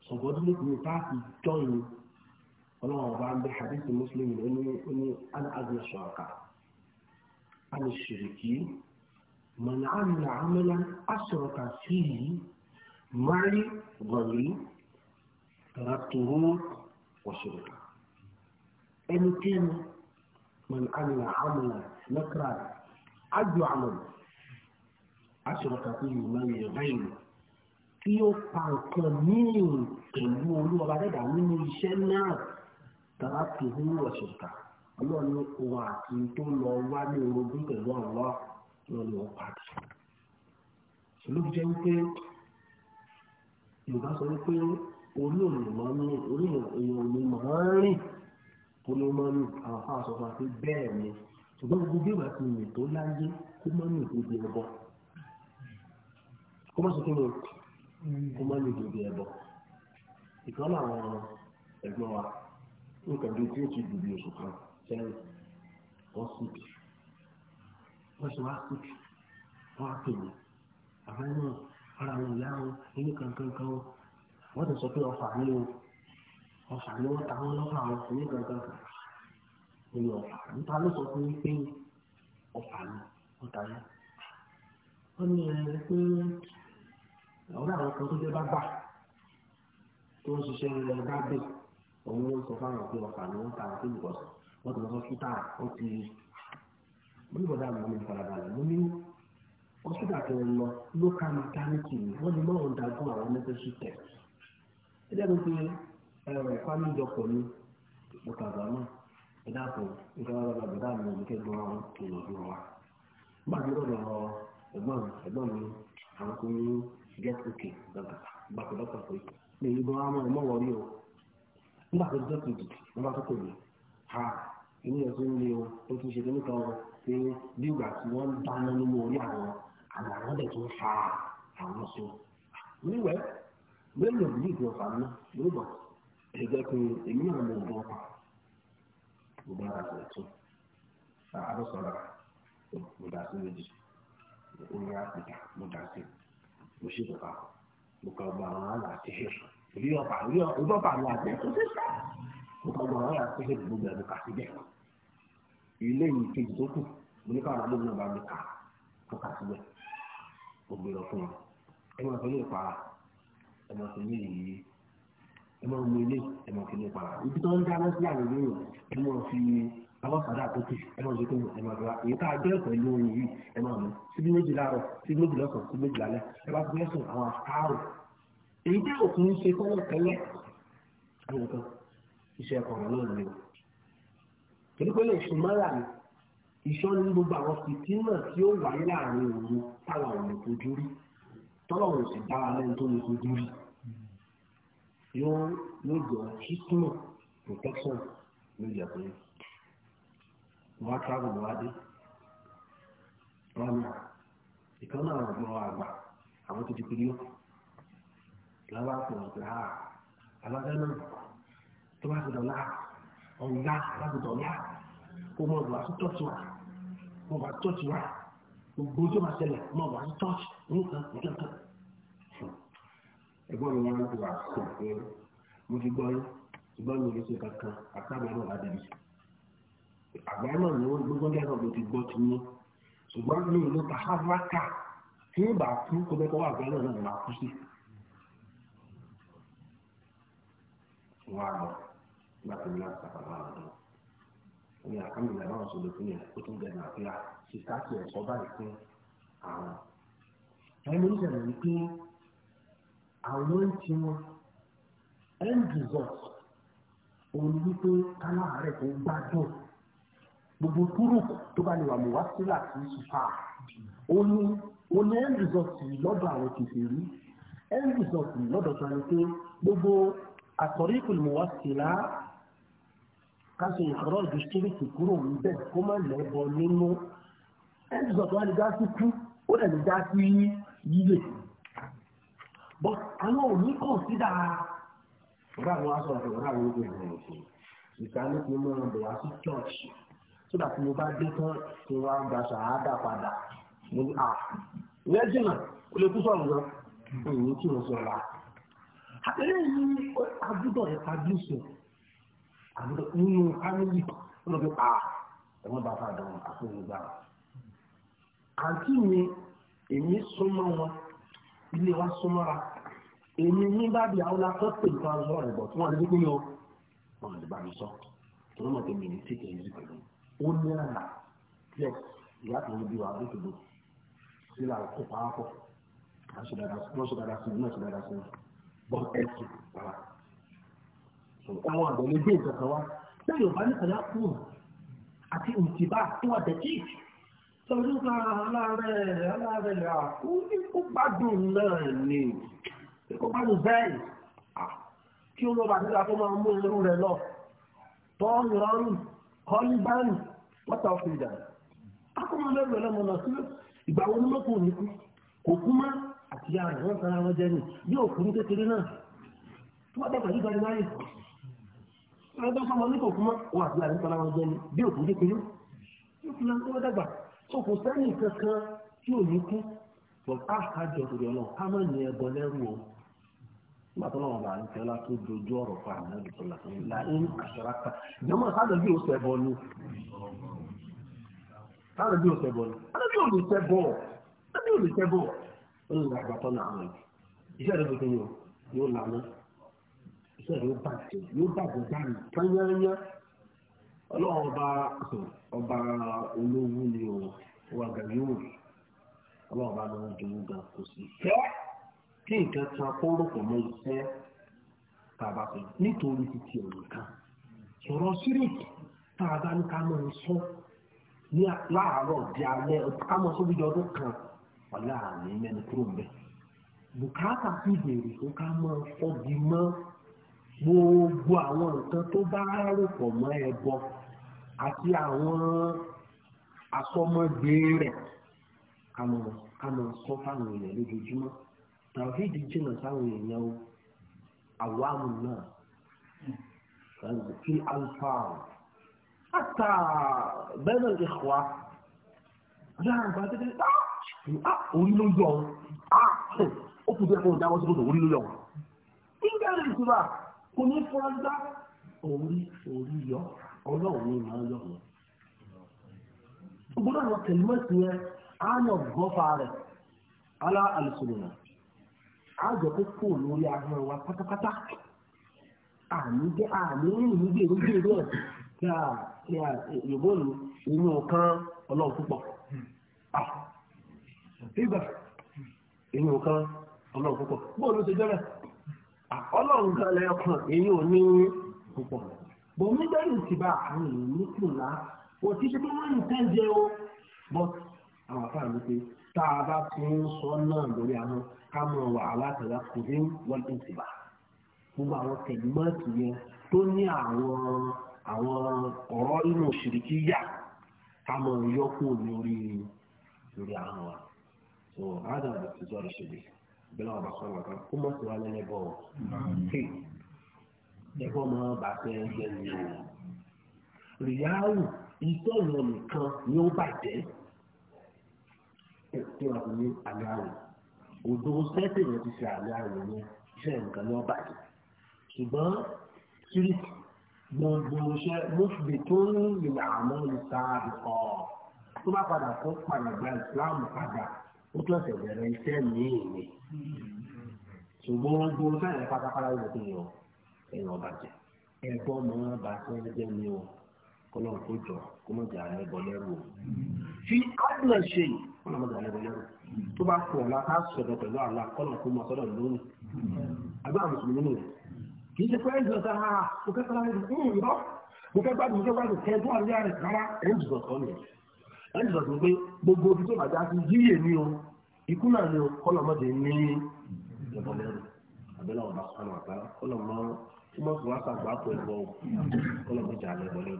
Speaker 1: ṣùgbọ́n dúró kò ní táàkì jọ́yìn ọlọ́run ọba ń bẹ hadith muslim ó ní ó ní an azmi ṣọ̀ọ̀kà an ṣèrèkì mọ̀nà àmìlà àmìlà aṣọ̀ọ̀kà sí yìí mari gbọ̀nrí tàràtúrú wọ̀ṣọ̀ọ̀kà ẹnikẹ́ni mọ̀nà àmìlà àmìlà lọ́kàrà ájò àmìlà aṣọ̀ọ̀kà sí yìí mari gbọ̀nrí kí ó pa nǹkan míì pẹ̀lú olúwa dẹ́dà nínú iṣẹ́ náà tàbá tó ń wọ̀ ṣèkà ọlọ́run ní òun àti tó lọ wá ní orogún pẹ̀lú ọ̀lọ́ ní ọ̀lọ́ pàdé. ṣùgbọ́n jẹ́ wípé yorùbá sọ wípé olóòlùmọ́ ní olóòlùmọ́ rìn olóòmọ́nù àwọn afáà sọ fún wa pé bẹ́ẹ̀ ni ṣùgbọ́n gbogbo bí ìgbà tí mi tó láyé kó mọ́nù ìgbòdì ẹ̀bọ kó má sọ fún mi kó má lè dòde ẹbọ ìkan làwọn ẹ̀gbọ́n wa nǹkan bíi tí ó ti dùbí oṣù kan sẹ́yìn wọn sì kì wọn sì wá sí kì wọn á pè mí àbá náà ara wọn ìyá wọn nínú kankan kan wọn wọn ti sọ pé ọfà ní o ọfà ní wọn ta wọn lọ́fà wọn nínú kankan kan ọfà nípa ló sọ fún pé ọfà ni wọn yẹn wọn ní ẹ pé àwọn náà kan tó jẹ́ bábà tó ń ṣiṣẹ́ bábẹ̀ òun ló ń sọ fáwọn pé ọkà ni wọ́n ta àti olùkọ́sọ wọ́n ti lọ sọ fúta ó ti oníbọ̀dá mi ní ìfarabalẹ̀ mo ní hospital tó ń lọ local maternity ni wọ́n ní mọ́ ọ̀hún dájú àwọn necessary test ẹ dẹ́nu pé family doctor ni mo kàgbà náà ẹ dáàbò nǹkan wọn lọ́dọ̀ bọ̀dá mi ní kẹ́gbọ́n wọn kò lọ́dún wa. nígbà tí ó lọ ẹ̀gbọ́n ẹ̀gbọ́n mi àwọn tó ń get okay gbàgbàgbà pé lè yí bọ́ àmọ́ ẹ̀mọ́ wọ̀rí o nígbà tó jọ́ kejì nígbà tó kò ha inú ẹ̀ tó ń lé o ó ti ṣe kí nìkan o pé bí ìgbà tí wọ́n ń dáná nínú orí àwọn àwọn àwọn dẹ̀ tó ń fa àwọn so níwẹ̀ bẹ́ẹ̀ lè bí ìgbà ọ̀fà ná lóbọ̀ ẹ̀jẹ̀ pé èmi náà mo bọ̀ ọ̀pá mo bá ara sọ̀rọ̀ àdọ́sọ̀rọ̀ mo dà sí méjì ó ní àpèjà mo dà sí mo sì bàbá mo kà gba àwọn àlà àti ṣèṣù ìlú ọba ìlú ọba àwọn àti ṣèṣù mo kà gba àwọn àlà àti ṣèṣù gbogbo ẹ̀ mo kà síbẹ̀ ilé yìí kejì tó kù mo ní káwọn àbúrò náà bá mi kà mo kà síbẹ̀ mo gbé lọ fún wọn ẹ máa fi ní ìpara ẹ máa fi ní ìyí ẹ máa mú ilé ẹ máa fi ní ìpara ibi tó ń dáná sí àwọn ìlú rẹ ẹ máa fi àwọn sàdá àkókò ẹ máa ṣe kéwìn ẹ máa dọ́ra èyí tá a jẹ́ pẹ̀lú oyin yìí ẹ máa mú síbi méjì láàárọ̀ síbi méjì lọ́sàn-án síbi méjì lálẹ́ ẹ bá fi mẹ́sàn àwọn àárò èyí tí òkú ń ṣe tọ́lọ̀ tẹ́lẹ̀ àwọn kan iṣẹ́ ẹ̀kọ́ ọ̀rọ̀ náà ni o torí pé lè ṣe mọ́ra ni ìṣọ́ ní gbogbo àwọn fìtínà tí ó wáyé láàrin òru táwọn ò lè fojú rí tọ́lọ̀ ò sì dára lẹ́nu tó lè wọ́n á travel wá dé wọ́n ìkan náà wọ́n gbọ́n àgbà àwọn tó ti pè yọ lọ́wọ́ àpò ọ̀gá náà tó bá ọ̀gá kó mọ̀ tọ́tù mọ̀ tọ́tù gbogbo tó mọ̀ tọ́tù nǹkan nǹkan mi wọn sọ pé mo ti yín mi ò lè ṣe kankan àtàwọn débi. àgbà náà ni wọ́n gbogbo ní àgbàgbọ́ ti gbọ́ ti yín ṣùgbọ́n mi ò ló ta hárákà tí ń bà kú kó bẹ́ẹ̀ kọ́ wà àgbà náà máa kú sí. wọ́n á lọ nígbà tó ní láti sàkàlà ọ̀dọ́ ó ní àkàmìlà náà sọ̀rọ̀ fún yẹn ó tún bẹ̀rẹ̀ àti à sísá tí ẹ̀ sọ báyìí fún àwọn. ẹni ó sẹ̀rẹ̀ wípé àwọn ń ti wọn end result òun wípé káláàárẹ̀ tó gbádùn gbogbo túrùkù tó bá lè wà mú wá sílà sí ṣùfà ó ní ó ní end result lọ́dọ̀ àwọn kìfèrí end result lọ́dọ̀ tó ní pé gbogbo àtọ̀rí ìpìlẹ̀ mú wá sílà ká ṣe ìkọ́rọ̀ ìdíṣẹ́rìkì kúrò níbẹ̀ kó má lẹ́bọ nínú end result wá ní dásí kú ó dẹ̀ ní dásí yíyè but àwọn ò ní kàn sí dáa ọ̀rọ̀ àwọn aṣọ àti ọ̀rọ̀ àwọn ogun ìrìn àjò ìkànnì kò mọ̀ ọ́n bọ̀ sí church sódà tí mo bá dé tán tí wọ́n á gba ṣàádà padà mo ní à ah, ìyẹn jìnnà o lè kú sọ̀rọ̀ lọ èyí tí mo sọ la. àtẹ̀lé yìí agbúdọ̀ ẹ̀tàdúsọ̀ àgbúdọ̀ nínú fámìlì ló fi à ah, ẹ̀wọ́n bá fà dán àfọwọ́gbà. àǹtí mi èmi súnmọ́ wọn ilé wa súnmọ́ra èmi nígbà bíi àwọn lakọ́ pè ní tí wọ́n lè dúpẹ́ yọ wọ́n lè bá mi sọ tí wọ́n mọ̀ pé mi ní tíkẹ́ yìí pẹ̀lú ó ní àná yẹ ìyá kan níbi wà lóṣù tó sí là kó pa á pọ̀ wọ́n ṣe dáadáa sí wọ́n ṣe dáadáa sí bọ́ ẹ̀sìn rárá. àwọn àgbẹ̀ lè gbé ìjọba wa lẹ́yìn ọ̀bá ní kàlá kú àti ìtìbá tó wà dẹ̀kí sọdún ká aláàárẹ̀ aláàárẹ̀ rà ó ní kó gbádùn náà ni kó gbádùn bẹ́ẹ̀ kí ó lọ́ba àti tó máa mú irú rẹ̀ lọ tọ́ ìrọ̀rùn kọ́lí báyìí what else is that akọmọ lẹ́rù ẹlẹ́mọ náà sí ìgbà wo ni mọ́kò ní kú kò kú mọ́ àti ìyá rẹ̀ wọ́n sara wọn jẹ́ ni yóò kú ní kékeré náà tó bá dàgbà yíga ní láyé ẹgbẹ́ sọmọ ní kò kú mọ́ wọ́n àti ìyá rẹ̀ sara wọn jẹ́ ni bí òkú kékeré yóò fi lọ́wọ́ dàgbà tó kò sẹ́yìn kankan tí gbàtọ́lọ́wọ́ bá ní tẹ́lá tó dojú ọ̀rọ̀ fún àwọn ẹ̀dùtọ́lá láì ń àṣàràkà jọmọ́ sáàdọ̀ bí ó sẹ́ bọ́ ni sáàdọ̀ bí ó sẹ́ bọ́ ni sáàdọ̀ bí ó lè sẹ́ bọ́ bí lè sẹ́ bọ́ ó náà àwọn yóò lànà bàjẹ́ yóò bàjẹ́ dání kányányá ọlọ́wọ́ bá ọba olówó ni wà gàdúrà ọlọ́wọ́ bá lọ́wọ́ kí nǹkan kan kó rò pọ̀ mọ́ iṣẹ́ tàbá pé nítorí títí ọ̀rọ̀ kan sọ̀rọ̀ síríkì tá a bá ní ká máa ń sọ ní láàárọ̀ di alẹ́ ká máa sọ bíjọ ọdún kan ọ̀la àmì mẹ́ni kúrò mbẹ́ bùkátà sì béèrè fún ká máa fọ́gi mọ́ gbogbo àwọn nǹkan tó bá rò pọ̀ mọ́ ẹbọ àti àwọn asọmọgbé rẹ̀ ká máa sọ fáwọn èèyàn lójoojúmọ́ tàwíìdì jìnnà sáwọn èèyàn àwámu náà kí alfaw àtà bẹ́ẹ̀ náà ìkọ́wá láàrín bá tẹ́tẹ́ orí ló yọ ó kù bẹ́ẹ̀ fún ìdáwọ́ síbòtò orí ló yọ nígbà rẹ̀ ìtura kò ní fọ́n dá orí orí yọ ọlọ́run ní ìmọ̀ yọ wọn. gbogbo àwọn kẹlẹ́mọ̀tì yẹn á yàn gọ́fà rẹ̀ alá àlùsùlùmọ̀ àjọ kó kò lórí ahọ́n wa pátápátá àmì jẹ́ àmì ìrìn gbèrú gbèrú ẹ̀ kí a kí a yòbó ní inú ọ̀kan ọlọ́run púpọ̀ ìgbà inú ọ̀kan ọlọ́run púpọ̀ bóòlù ti jẹ́ bẹ́ẹ̀ ọlọ́run kan lẹ́yọkàn èyí ò ní púpọ̀ bọ̀ nígbẹ̀rù ti bá àwọn èèyàn ní kùnà kò tí ṣe pé wọ́n ń tẹ́ jẹ́ o bọ́ àwọn afáàlú pé tá a bá ti sọ náà lórí ahọ́n kámọ̀ wà alátàlá kò ní wọ́n ti bà gbogbo àwọn tẹ̀gbọ́ọ̀tì yẹn tó ní àwọn àwọn ọ̀rọ̀ inú ṣìrìkì yà kámọ̀ yọkù lórí lórí àwọn wa so ada da ti zọrọ ṣèlè bẹ́ẹ̀ náà bá sọ wọn kan kó mọ̀ sí wa lẹ́lẹ́ bọ̀ ẹ̀fọ́ máa bá fẹ́ yẹ ní o rìyáwù ìtọ́yọ̀ nìkan ni ó bàjẹ́ ẹ̀ tí wàá fi ní àgbáwò òdo sẹ́tẹ̀ yẹn ti ṣe àlẹ́ àrùn yẹn iṣẹ́ nǹkan lọ́ọ́ bàjẹ́ ṣùgbọ́n síríkì gbogbo iṣẹ́ mọ́fìdè tó ń rìn àmọ́ ìta àbùkọ́ tó bá padà kó padà gba Islam padà ó tún ẹ̀sẹ̀ bẹ̀rẹ̀ iṣẹ́ míì ni ṣùgbọ́n gbogbo iṣẹ́ yẹn pátápátá yóò tó yàn ẹ̀yàn bàjẹ́ ẹ̀gbọ́n mọ́ bàtẹ́ ẹ̀jẹ̀ mi o kọ́lọ́n kó jọ kó mọ̀ jà ẹ̀bọ lẹ́rù o. fi adùn ṣe yìí kọ́nà mọ́tò àlẹ́ bẹ̀rẹ̀ lọ́rùn tó bá kọ̀ ọ̀la ká sọ̀rọ̀ pẹ̀lú àlá kọ́nà kó máa sọ̀rọ̀ lónìí àbí àwọn mùsùlùmí nù rẹ̀ kì í ṣe pé ẹ̀jọ̀ ta ha mo fẹ́ kọ́ra rẹ̀ ń yọ mo fẹ́ gbádùn mo fẹ́ gbádùn kẹ́ tó àríyá rẹ̀ rárá ẹ̀jọ̀ kọ́ ni ẹ̀jọ̀ tó pé gbogbo ibi tó bàjá sí yíyè ni o ikú náà ni o kọ́nà mọ́tò ní ìbọ̀lẹ́rù àbẹ́lẹ̀ ọ̀dà sọ̀rọ̀ àgbára kọ́nà mọ́ tí wọ́n fi wá sàgbà pọ̀ ẹ̀bọ̀ kọ́nà mọ́tò àlẹ́ ìbọ̀lẹ́rù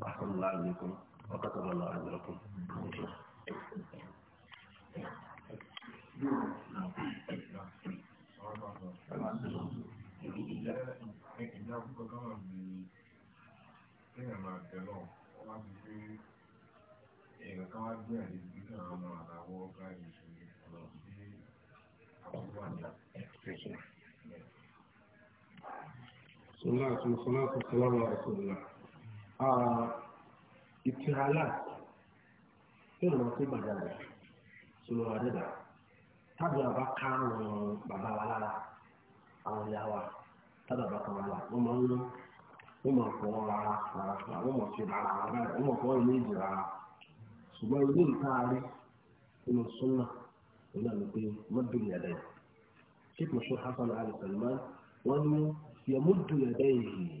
Speaker 1: وأحسن الله عليكم وكتب الله أجركم بسم الله والصلاة والسلام على رسول الله ìtìhálà yóò lọ sí bàdà rẹ sọlọ àdébà tábìlì àbá ká àwọn bàbá wa lára àwọn ìyá wa tábìlì àbá ká wọn lára wọn máa ń lọ wọn máa fọ wọn rárá rárá wọn máa fi rárá rárá wọn máa fọ wọn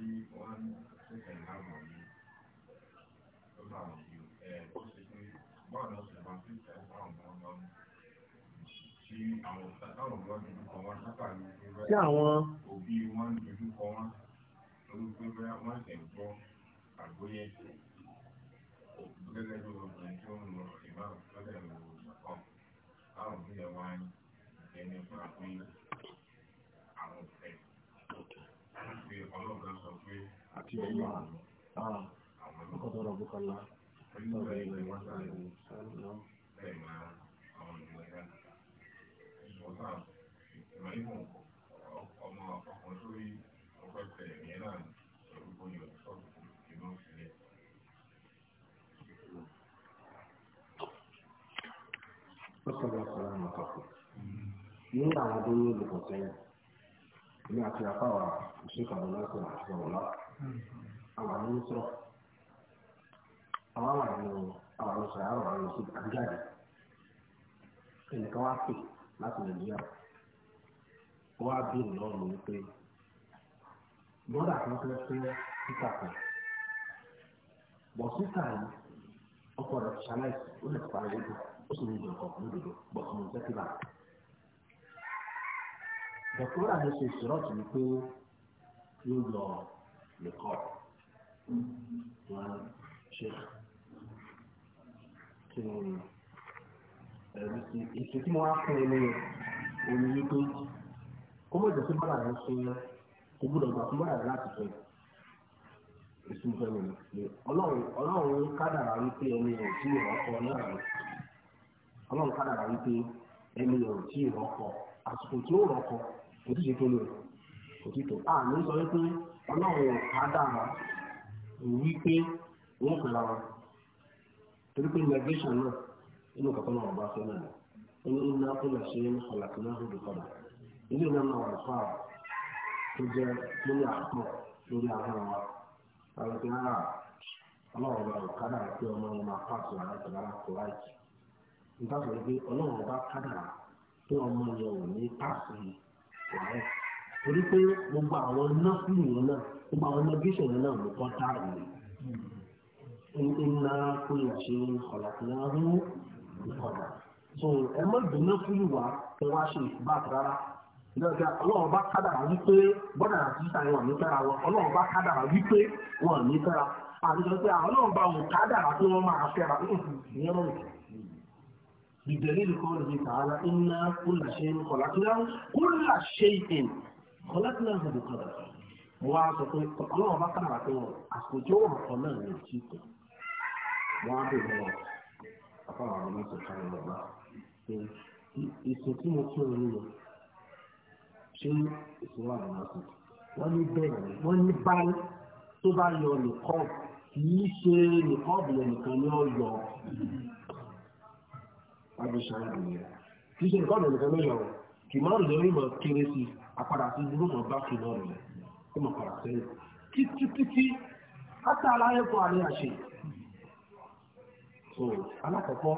Speaker 1: tí àwọn òbí wọn dojú kọ wọn lórí pé bóyá wọ́n ṣẹ̀ ń gbọ́ àgbóyè gẹ́gẹ́ bí obìnrin tó ń lọ ìbáwọ̀ lọ́dẹ̀ lọ́wọ́ ìgbà kan òbí ẹ̀ wá ẹni fún àgbóyè. àti ọmọ àwọn ọkọ̀tọ̀ ọ̀rọ̀ bùkọ́lá ọ̀rọ̀ ilẹ̀ wọn sáré wọn sáré lọ. Ọmọ ọkùnrin tó rí ọgbẹ́ tẹ̀lé ní ẹ̀ náà lórí bóyá ọ̀sọ́ọ̀bù ìlú sílẹ̀. Ọ̀sọ̀rọ̀ ọ̀sọ̀rọ̀ àmọ̀ kọ̀ọ̀kan. Nígbà àwọn tó ní olùkọ̀ sẹ́yìn, ní àti apá wa ìṣèkàwé lọ́sọ̀rọ̀ àti ọ̀rọ̀ àwọn àwọn sọ àwọn àwọn àwọn sọ ẹnìkan wá pè láti nàìjíríà wọ́n á bí ìlọ́ọ̀ lórí pé bọ́dà kan fẹ́ fẹ́ títà kan bọ̀ yìí ọkọ rẹ̀ ṣaláìsì ó lè parí lójú ó sì ní ìjọ kọ̀ọ̀kan lódodo bọ̀ tó ń jẹ́ kíbà. dọ̀kúrà ṣe ìṣòro ọ̀tún ni pé لقاء شيخ ètò tí mo wá fún ẹ ní omi wípé kó mọ̀ jẹ́ sí bọ́lá rẹ̀ ṣe kó gbúdọ̀ gbà fún bọ́lá rẹ̀ láti fẹ́ èsì ìfẹ́ mi ni ọlọ́run kádàrà wípé ẹni ẹ̀ tí ìwọ kọ náà rẹ̀ ọlọ́run kádàrà wípé ẹni ẹ̀ tí ìwọ kọ àsìkò tí ó rọ̀ kọ kò tí ì ṣe ọlọ́run kádàrá wípé wọ́n kàn lára torí pé migration náà inú kankan náà wọ́n bá fẹ́ náà inú iná kúlẹ̀ ṣe ń sọ̀lá kí náà rúbi padà inú iná náà wà fà tó jẹ́ lórí àpọ̀ lórí àwọn ọmọ àwọn ìpín ara ọlọ́run bá kádàrá pé ọmọ wọn máa pàṣẹ àwọn ìpín ara kò láìsí nígbà tó yẹ pé ọlọ́run bá kádàrá pé ọmọ yẹn ò ní pàṣẹ kò láìsí torí pé gbogbo àwọn nọ́ọ̀sì yẹn náà gbogbo àwọn nọ́ọ̀gísọ̀ yẹn náà ló kọ́ táàrù rẹ̀. ńlá kó lè ṣe ọ̀làkùnrin ìkọ̀dà. so ẹ má gbé nọ́ọ̀sì wá kí wọ́n ṣe ìfúbàtì rárá. lọ́jà ọlọ́run bá kádàrà wípé bọ́dà àti sísá yẹn wà ní fẹ́ra wọn ọlọ́run bá kádàrà wípé wọn ò ní fẹ́ra àtijọ́ pé àwọn náà bá wọn kádàrà pé wọ́n máa fẹ́ra ìyẹn lọ́nà بدليل قوله تعالى إنا كل شيء خلقناه كل شيء kọlákùnrin náà ló kọlà mo wá sọ pé ọlọ́run bá kàrà pé wọn àkójọ wọn kan náà lè jí pé wọn á bèèrè wọn àfọwọ́ àwọn ọmọ ìṣẹ̀ká ni bàbá pé ìsìn tí mo tún ní lọ ṣé ìsìn wà lọ́wọ́ sí wọ́n ní bẹ́ẹ̀ ni wọ́n ní báyìí tó bá yọ nìkan kì í ṣe nìkan ọ̀bùnrin nìkan ni ó yọ wájú ṣáà nìyẹn kì í ṣe nìkan ọ̀bùnrin nìkan ló yọ kì má lórí mọ̀ kéré àpadà sí irú mọ̀ bá fi lọ́rùn rẹ̀ kó mọ̀ padà sẹ́yìn títí títí átà aláyẹ̀kọ́ àlẹ́ àṣẹ. so alákọ̀ọ́kọ́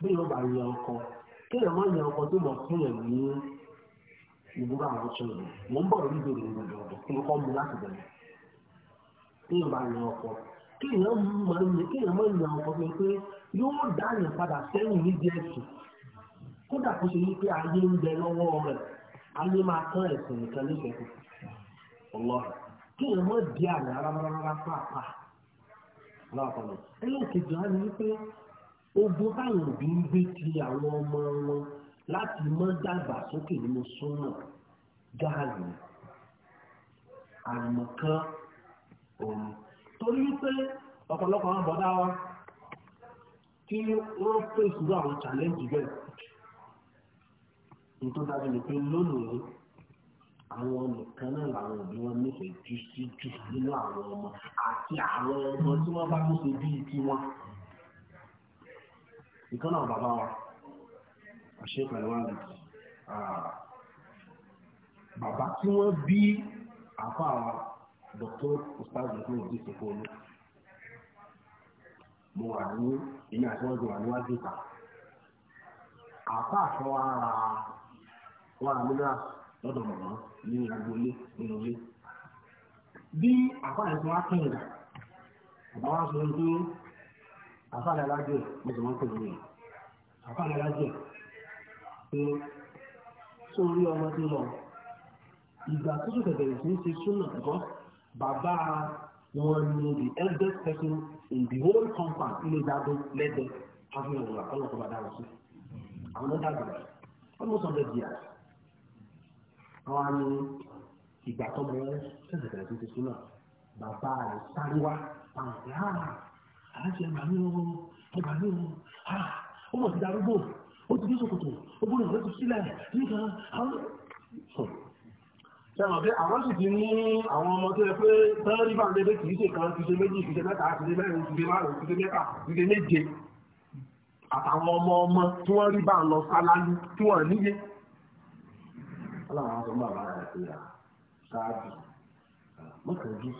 Speaker 1: bí yóò bá yan ọkọ kéèyàn má yan ọkọ tó mọ̀ fún yẹn ní ìwúrọ̀ àwọn ọ̀ṣọ́ rẹ̀ mò ń bọ̀ lórí ìbéèrè rẹ̀ lọ́dọ̀ kí n kọ́ mu láti bẹ̀rẹ̀ kéèyàn bá yan ọkọ kéèyàn má yan ọkọ pé pé yóò dá yẹn padà sẹ́yìn nídìí ẹ̀sìn kódà kó ṣe yí pé ayé ń bẹ lọ́wọ́ rẹ̀ ayé máa tán ẹ̀sìn nìkan nífẹ̀ẹ́ kù ọlọ́run kí ni wọ́n di àná rárára pàápàá lọ́wọ́ lọ. ẹlẹ́kejì á ní wípé ogun táwọn òbí ń gbé ti àwọn ọmọ wọn láti mọ dàgbà sókè nínú súnmọ́ gáàlì àmọ̀kan òun torí wípé ọ̀pọ̀lọpọ̀ àwọn bọ̀dá wa kí wọ́n fèsì àwọn challenge bẹ́ẹ̀ ní tó dájú ni pé lónìí àwọn nìkan náà làwọn òbí wọn nífẹ̀ẹ́ jù sí jù nínú àwọn ọmọ àti àwọn ọmọ tí wọ́n bá tún ṣe bíi tiwọn. ìkan náà bàbá wa àṣẹ pẹ̀lú wa bàbá tí wọ́n bí àfa wa dr ustaz nìkan òbí ṣe fún mi mo wà ní ilé àti wọn jọ wà níwájú ìta àfa àfọwọ́ ara wà nílá lọ́dọ̀ mọ̀mọ́ ní agboolé nínú ilé. bí àfáàní tí wọ́n á kẹ́yìn rà bàbá wa sọ pé àfáàní alájẹ mo sì máa ń pè lórí ẹ̀ àfáàní alájẹ pé sórí ọmọ tó lọ ìgbà tó tó tẹ̀bẹ̀rẹ̀ sí ṣe súnà ẹ̀kọ́ bàbá wọn ni the eldest person in the whole compound ilé ìdádó lẹ́dẹ̀ẹ́ fáfíà ìwòrán kọ́lọ́kọ́ bàdá wọn sí àwọn ọ̀dọ́ àgbà almost hundred years àwọn àmì ìgbà tó mọ ṣẹ̀ṣẹ̀ bẹ̀rẹ̀ tuntun sí náà bàbá rẹ̀ sáré wá àwọn ọ̀rẹ́ ah, àrà aláṣẹ ẹ̀mà ní o ẹ̀mà ní o àrà ah, ó mọ̀ sí darúgbó ó ti dé ṣòkòtò ó gbọ́dọ̀ ìwé ti sílẹ̀ nígbà àwọn sẹ́wọ̀n pé àwọn sì ti ní àwọn ọmọ tó yẹ pé tẹ́lẹ̀rí bá ń lé kìí ṣe kan ti ṣe méjì ti ṣe mẹ́ta ti ṣe mẹ́rin ti ṣe márùn ti ṣe mẹ́ta ti ṣe méje àtàwọn ọmọ ọmọ tí wọ́n rí bá ń lọ sáláńdú tí wọ́n níye ọlọ́run àwọn ọmọ bàbá rẹ̀ pé ṣáájú mọ́kànjú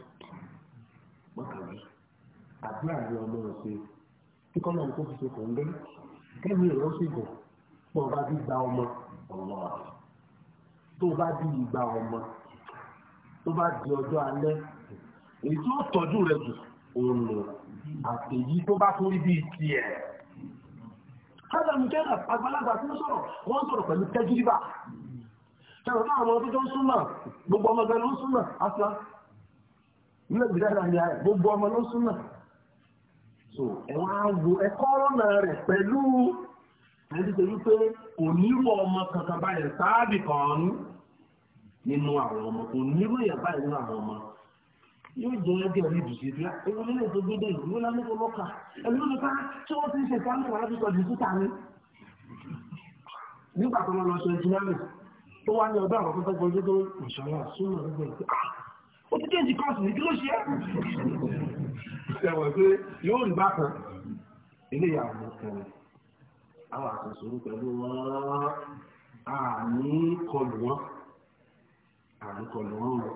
Speaker 1: mọ́kànjú àbí àbí ọmọ ṣe kí kọ́nà kó fi ṣe kò ń gbé kẹ́mi ìrọ́ sì bọ̀ tó o bá bí gba ọmọ ọ̀lọ́ tó o bá bí ìgbà ọmọ tó bá di ọjọ́ alẹ́ èyí tí ó tọ́jú rẹ̀ jù òun lò àtèyí tó bá tó rí bíi tiẹ̀. kájà mi kẹ́rẹ̀ àgbàlagbà tí ó sọ̀rọ̀ wọ́n sọ̀rọ̀ pẹ̀lú tẹ́jú ṣẹ̀rọ̀ náà àwọn tó jọ ń súnmọ̀ gbogbo ọmọ gan ló ń súnmọ̀ aṣọ ilé ìgbìdá náà ya gbogbo ọmọ ló ń súnmọ̀ so ẹ̀wọ̀n àgbo ẹ̀kọ́ ọ̀nà rẹ̀ pẹ̀lú ẹni tó wípé kò nírú ọmọ kankan báyìí sáábì kan nínú àwọn ọmọ kò nírú èèyàn báyìí nínú àwọn ọmọ yóò jẹ ẹgbẹ́ orí ìdùsí bíi ewu nílé tó gbé dé ìlú lánàá tó lọ́kà ẹ̀lú nípa tí wọ́n ti ń ṣe sáńtì wọn láti sọ ìdùsí tà nígbà tó wọn lọ sọ ìdùsí náà tó wá ní ọdún àwọn tó tọ́gbọ́ ojú tó ìṣọ́nà súnmọ̀ nígbà ìpé ó ti kéjì kọ́ọ̀sì ní kí ló ṣe é ṣẹ̀wọ̀n pé yóò rí bákan ilé ìyàwó kẹrin àwọn àtẹ̀sọ̀rọ̀ pẹ̀lú wọn àní kọlù wọn àní kọlù wọn lọ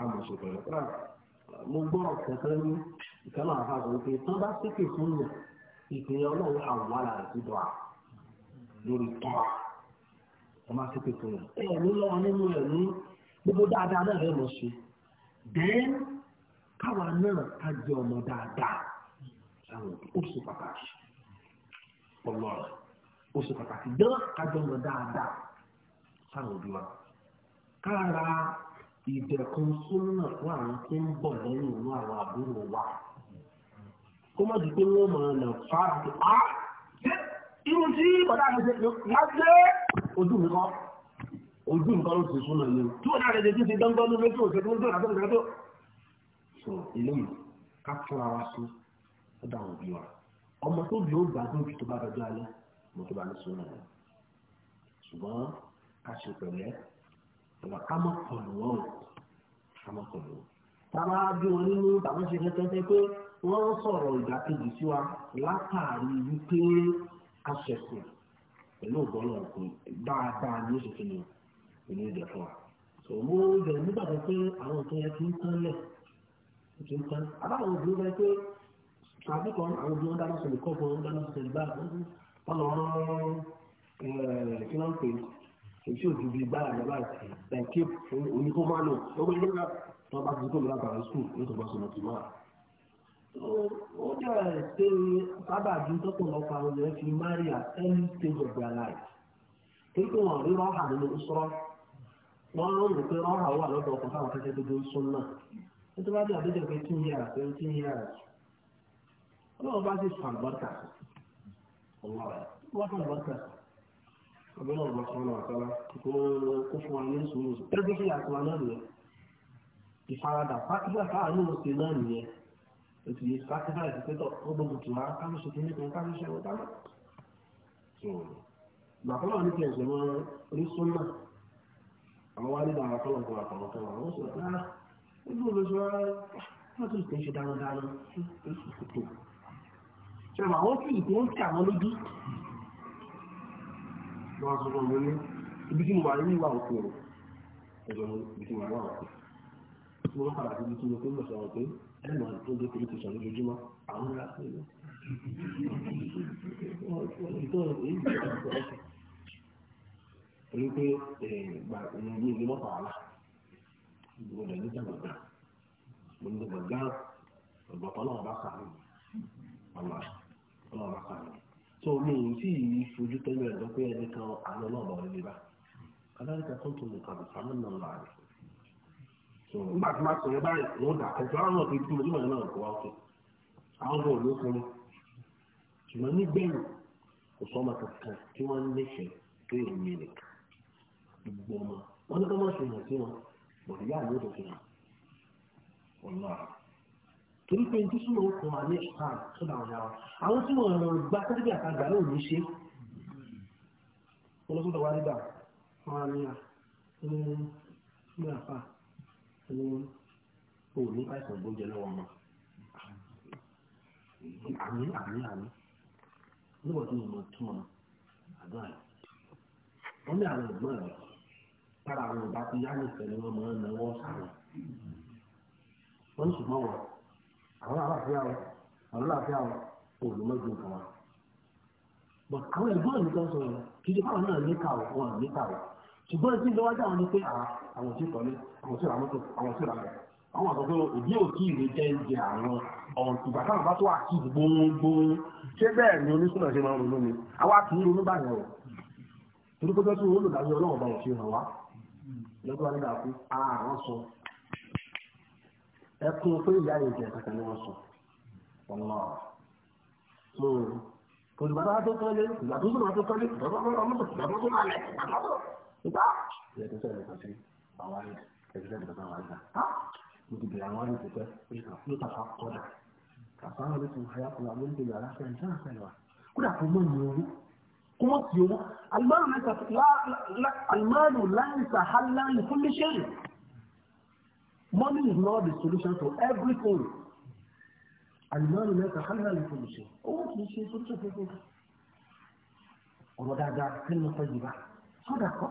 Speaker 1: àmọ̀ṣe pẹ̀lú pẹ̀lú ah, mo gbọ́ kẹ̀kẹ́ ní ìkànnà àfàgọ́ pé tán bá sékè fún mi ìpè ọlọ́run àwọn àlàyé ti dọ̀ lórí tán ẹ máa fi pèsè rẹ̀ ẹ ní lọ́wọ́ nínú ẹ̀ ní gbogbo dáadáa náà rẹ̀ lọ ṣe bẹ́ẹ̀ káwa náà ká jẹ ọmọ dáadáa sáwọn ó ṣe pàtàkì ọlọ́run ó ṣe pàtàkì dán ká jẹ ọmọ dáadáa sáwọn òbí wa kára ìdẹ̀kùn súnmọ́ fún àwọn tí ń bọ̀ lẹ́yìn inú àwọn àbúrò wa kó má di pé wọ́n mọ̀ ọ́nà fáàkì á ah! irun tí bàdá àgbẹ̀ṣe láti ojú mi kọ́ ojú nǹkan ló ti súnmọ́ ní tí wọ́n dáre ti ti dángbọ́n ní méjì òṣèlú tó ń dọ̀nà tó ń dọ̀nà tó. sọ eléyìí ká fúnra wa sí ó dà wọ́n bí wa ọmọ tó bí ó gbádùn ju tó bá dọjọ́ alẹ́ mo tó bá ní súnmọ́ ní. ṣùgbọ́n ká ṣe pẹ̀lẹ́ ọ̀nà ká má kọlù wọn o ká má kọlù wọn. táwa bí wọn nínú tàwọn ṣe kẹ́kẹ́ pé wọ́n sọ̀rọ̀ ìdàkejì sí wa látàrí wípé a ṣẹ̀sìn pẹ̀lú ògbọ́nà ọ̀pẹ dáadáa ní oṣù kìíní ìlú ìdè fún wa. sọ mo bẹ̀rẹ̀ nígbà tó pé àwọn nǹkan yẹn ti ń tán lẹ̀ ti ń tán aláwọ̀ obìnrin bẹ́ẹ̀ pé tàbí kan àwọn obìnrin dáná sọ̀rọ̀ kọ́ fún dáná sọ̀rọ̀ gbá wọn lọ rán kí wọ́n pè é tí òjò bíi gbára ní báyìí tàǹkì oníkó máa lò ó gbé nígbà tó bá ti kó lọ́wọ́ àgbà ó dẹ̀ ṣe sábàbí tọ́pọ̀lọpọ̀ àwọn ènìyàn fi marry at early stage of their life kéèké wọn rí rọ́hà nínú sọ́rọ́ wọ́n rán rò pé rọ́hà wà lọ́dọ̀ ọkọ̀ fáwọn akẹ́kẹ́ tó dé sún náà nítorí wájú àbẹ́jọ pé tí ń yára pé tí ń yára ọlọ́run bá sì sàn bọ́tà ọlọ́run wọ́n sàn bọ́tà ọ̀bẹ́rẹ́ ọ̀gbọ́n fún ọ̀nà àtọ́lá kó fún wa ní sùúrù ẹgbẹ́ fi àtúwá náà nìyẹn ìfaradà ètò yìí sacrifice pẹ́tọ̀ ó gbógun tù wá kámúṣe kí nìkan kámúṣe ẹ̀wọ̀n tá gbàkọ́lá ní kí ẹ̀sẹ̀ wọn rí súnmà àwọn wá nígbà àwọn kọ́lọ̀ kọ́lọ̀ kọ́lọ̀ kọ́lọ̀ àwọn sọ pé rárá ah, ó dúró lóṣù rárá wọ́n tún kìí ṣe dáradára ó sì kòtò ṣe àwọn tí ìpín ń tẹ àwọn lójú lọ́wọ́ sọ fún mi ní ibi tí mo wà nínú ìwà òkú rẹ̀ ẹ̀jọ̀ ibi tí mo wà òkú mo lọ́ padà sí ibi ẹnu àti tó ń gbé tẹlifíṣàn lójoojúmọ́ àwọn ará fún ìlú. torí pé gba ìyẹn ní ilé mọ́tò àlá ìgbìmọ̀ rẹ̀ ní dàgbàgbà mo ní dàgbàgbà ọ̀gbọ̀n kan náà bá sàánù ọ̀nà ọ̀nà bá sàánù. tó o ní èyí tí yìí fojú tẹ́lẹ̀ lọ pé ẹnìkan àná náà lọ rí bá. adájọ́ kan tó mú kàbùkà mọ́ náà lọ àlè so nígbà tí máa sọ yẹn báyìí wọ́n dà ẹ̀jọ́ àwọn ọ̀tún tí mo dé wọ̀nyẹn náà kò wá ọ̀tún àwọn ọmọ òní fún ṣùgbọ́n nígbẹ̀yìn kò sọ́mọ kankan tí wọ́n ń léṣẹ̀ tó yẹ mí nìkan gbogbo ọmọ wọn ní ká má ṣèyàn sí wọn bọ̀dé yá àmì òdòdó yẹn ọ̀nà torí pé ní sísúnmọ̀ ó kàn án ní ṣáà sọ́dọ̀ àwọn yàrá àwọn tí wọ́n rọrùn gba kẹ́tẹ́bí àtàgbà náà ní ṣe ọlọ́sọ́dọ̀ wá nígbà wọn á ní ní òun ní báyìí sọ̀rọ̀ oúnjẹ lọ́wọ́ ọmọ àmì àmì àmì nígbà tí mo mọ túmọ̀ àdúrà yìí wọ́n ní àwọn ìgbọ́n rẹ̀ tára àwọn ìbá ti yá nìfẹ́ ni wọ́n máa ń náwó sàrọ̀ wọ́n ń sùn mọ́ àwọn aláàfíà wọn àwọn aláàfíà wọn òun ló wọn. bọ̀ àwọn ìgbọ́n mi kan sọ̀rọ̀ kí ni báwọn náà ní kàwọ́ wọn ní kàwọ́ ṣùgbọ́n ẹtí lọ́wọ́ jà wọn ni pé ah, àwọn tí kọ́lé àwọn tí ra àwọn tí ra àwọn àtọ́fẹ́ òbí òkì ìwé jẹ́ ń àwọn ọ̀hún ìgbà táwọn bá tó àti gbóngbóng ṣé bẹ́ẹ̀ ni oníṣúná ṣe máa ń ronú ni àwa kì í ronú báyẹn o torí pé tó olùdarí ọlọ́run bá ṣe hàn wá lọ́dún nígbà kú ah, àwọn sọ ẹkún pé ìyá yìí kàkà ni wọ́n sọ ọ̀nà nípa ìyẹn tó sọ̀rọ̀ kan sí àwọn àyè ẹ̀sìn ẹ̀dùn àwọn àyè náà mo ti bẹ̀rẹ̀ àwọn àyè tó pẹ́ ló ta fa kọ́dà kàfà àwọn olóṣù ayákùnrin àwọn olóṣèlú aláṣẹ ìṣẹ́ àṣẹlẹ̀ wa kódà kó mọ̀ ní orí kó mọ̀ sí owó alimánu láìsà hàlàyé fún léṣẹ́rì money is not the solution to everything alimánu láìsà hàlàyé fún léṣẹ́rì owó kì í ṣe solution fún fún ọ̀rọ̀ dáadáa kí ni mo fẹ́ yìí bá sọ́dà kọ́.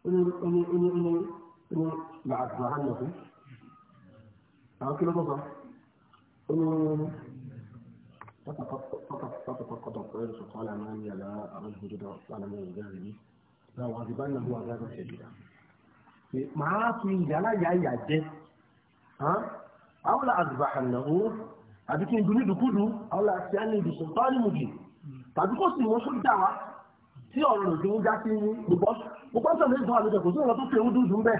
Speaker 1: ini ini ini ini ini làásù àhánà fún àwọn kí ló kọ́ sọ ó ní pátápátá pẹ̀lú sọ̀tọ́ àlàmà ní àlà àwọn ìjọba àlàmà ìjọba rẹ̀ yìí láwọn àgbà náà wà lára ìṣẹ̀lẹ̀ màá fi ìyàlá yà yà jẹ àwọn àgbà àlàmà àbí kí n dun ní dùkúdù àwọn àti àní ìdùsùn tọ́lí mùgì tàbí kó sì wọ́n sójà wa tí ọ̀rọ̀ lòdì ń já sí gbogbo gbogbo ọ̀sán lẹ́yìn tó wà lójẹ kò sí ọ̀rọ̀ tó fi ewu dúdú ń bẹ̀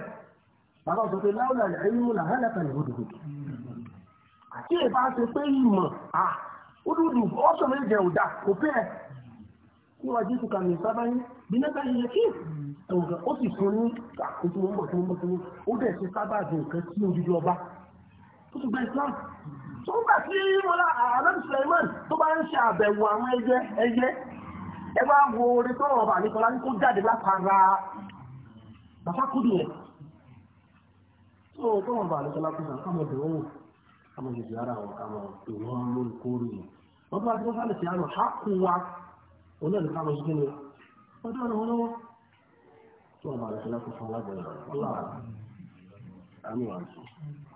Speaker 1: bàbá sọ pé láwùlà ẹ̀yìn là hálàkà lè wúdùdù àti ìbá ṣe pé ìmọ̀ à wúdùdù ọ̀sán lẹ́yìn jẹ òdà kò pé ẹ̀ kí wọ́n jésù kà ní sábà yín bí nẹ́ta yẹ kí ẹ̀wọ̀n kan ó sì fún ní àkóso wọn bọ̀ tó ń bọ̀ tó ń ó dẹ̀ ṣe sábà di nǹkan tí odidi ọba tó ti gba Islam tó ń gbà sí mọ́lá àdàbí Suleiman tó bá ń ṣe àbẹ̀wò àwọn ẹyẹ ẹ bá wo orin tó rọrùn àní kọlá ní kó jáde látara bàbá tó tó rọrùn kọlá ara wọn kámọ ìwọ lórí kórè yẹn wọn bá tó sálẹ sí àná hákùn wa òun náà ní kámọ ìdòwò yẹn wọn tó rọrùn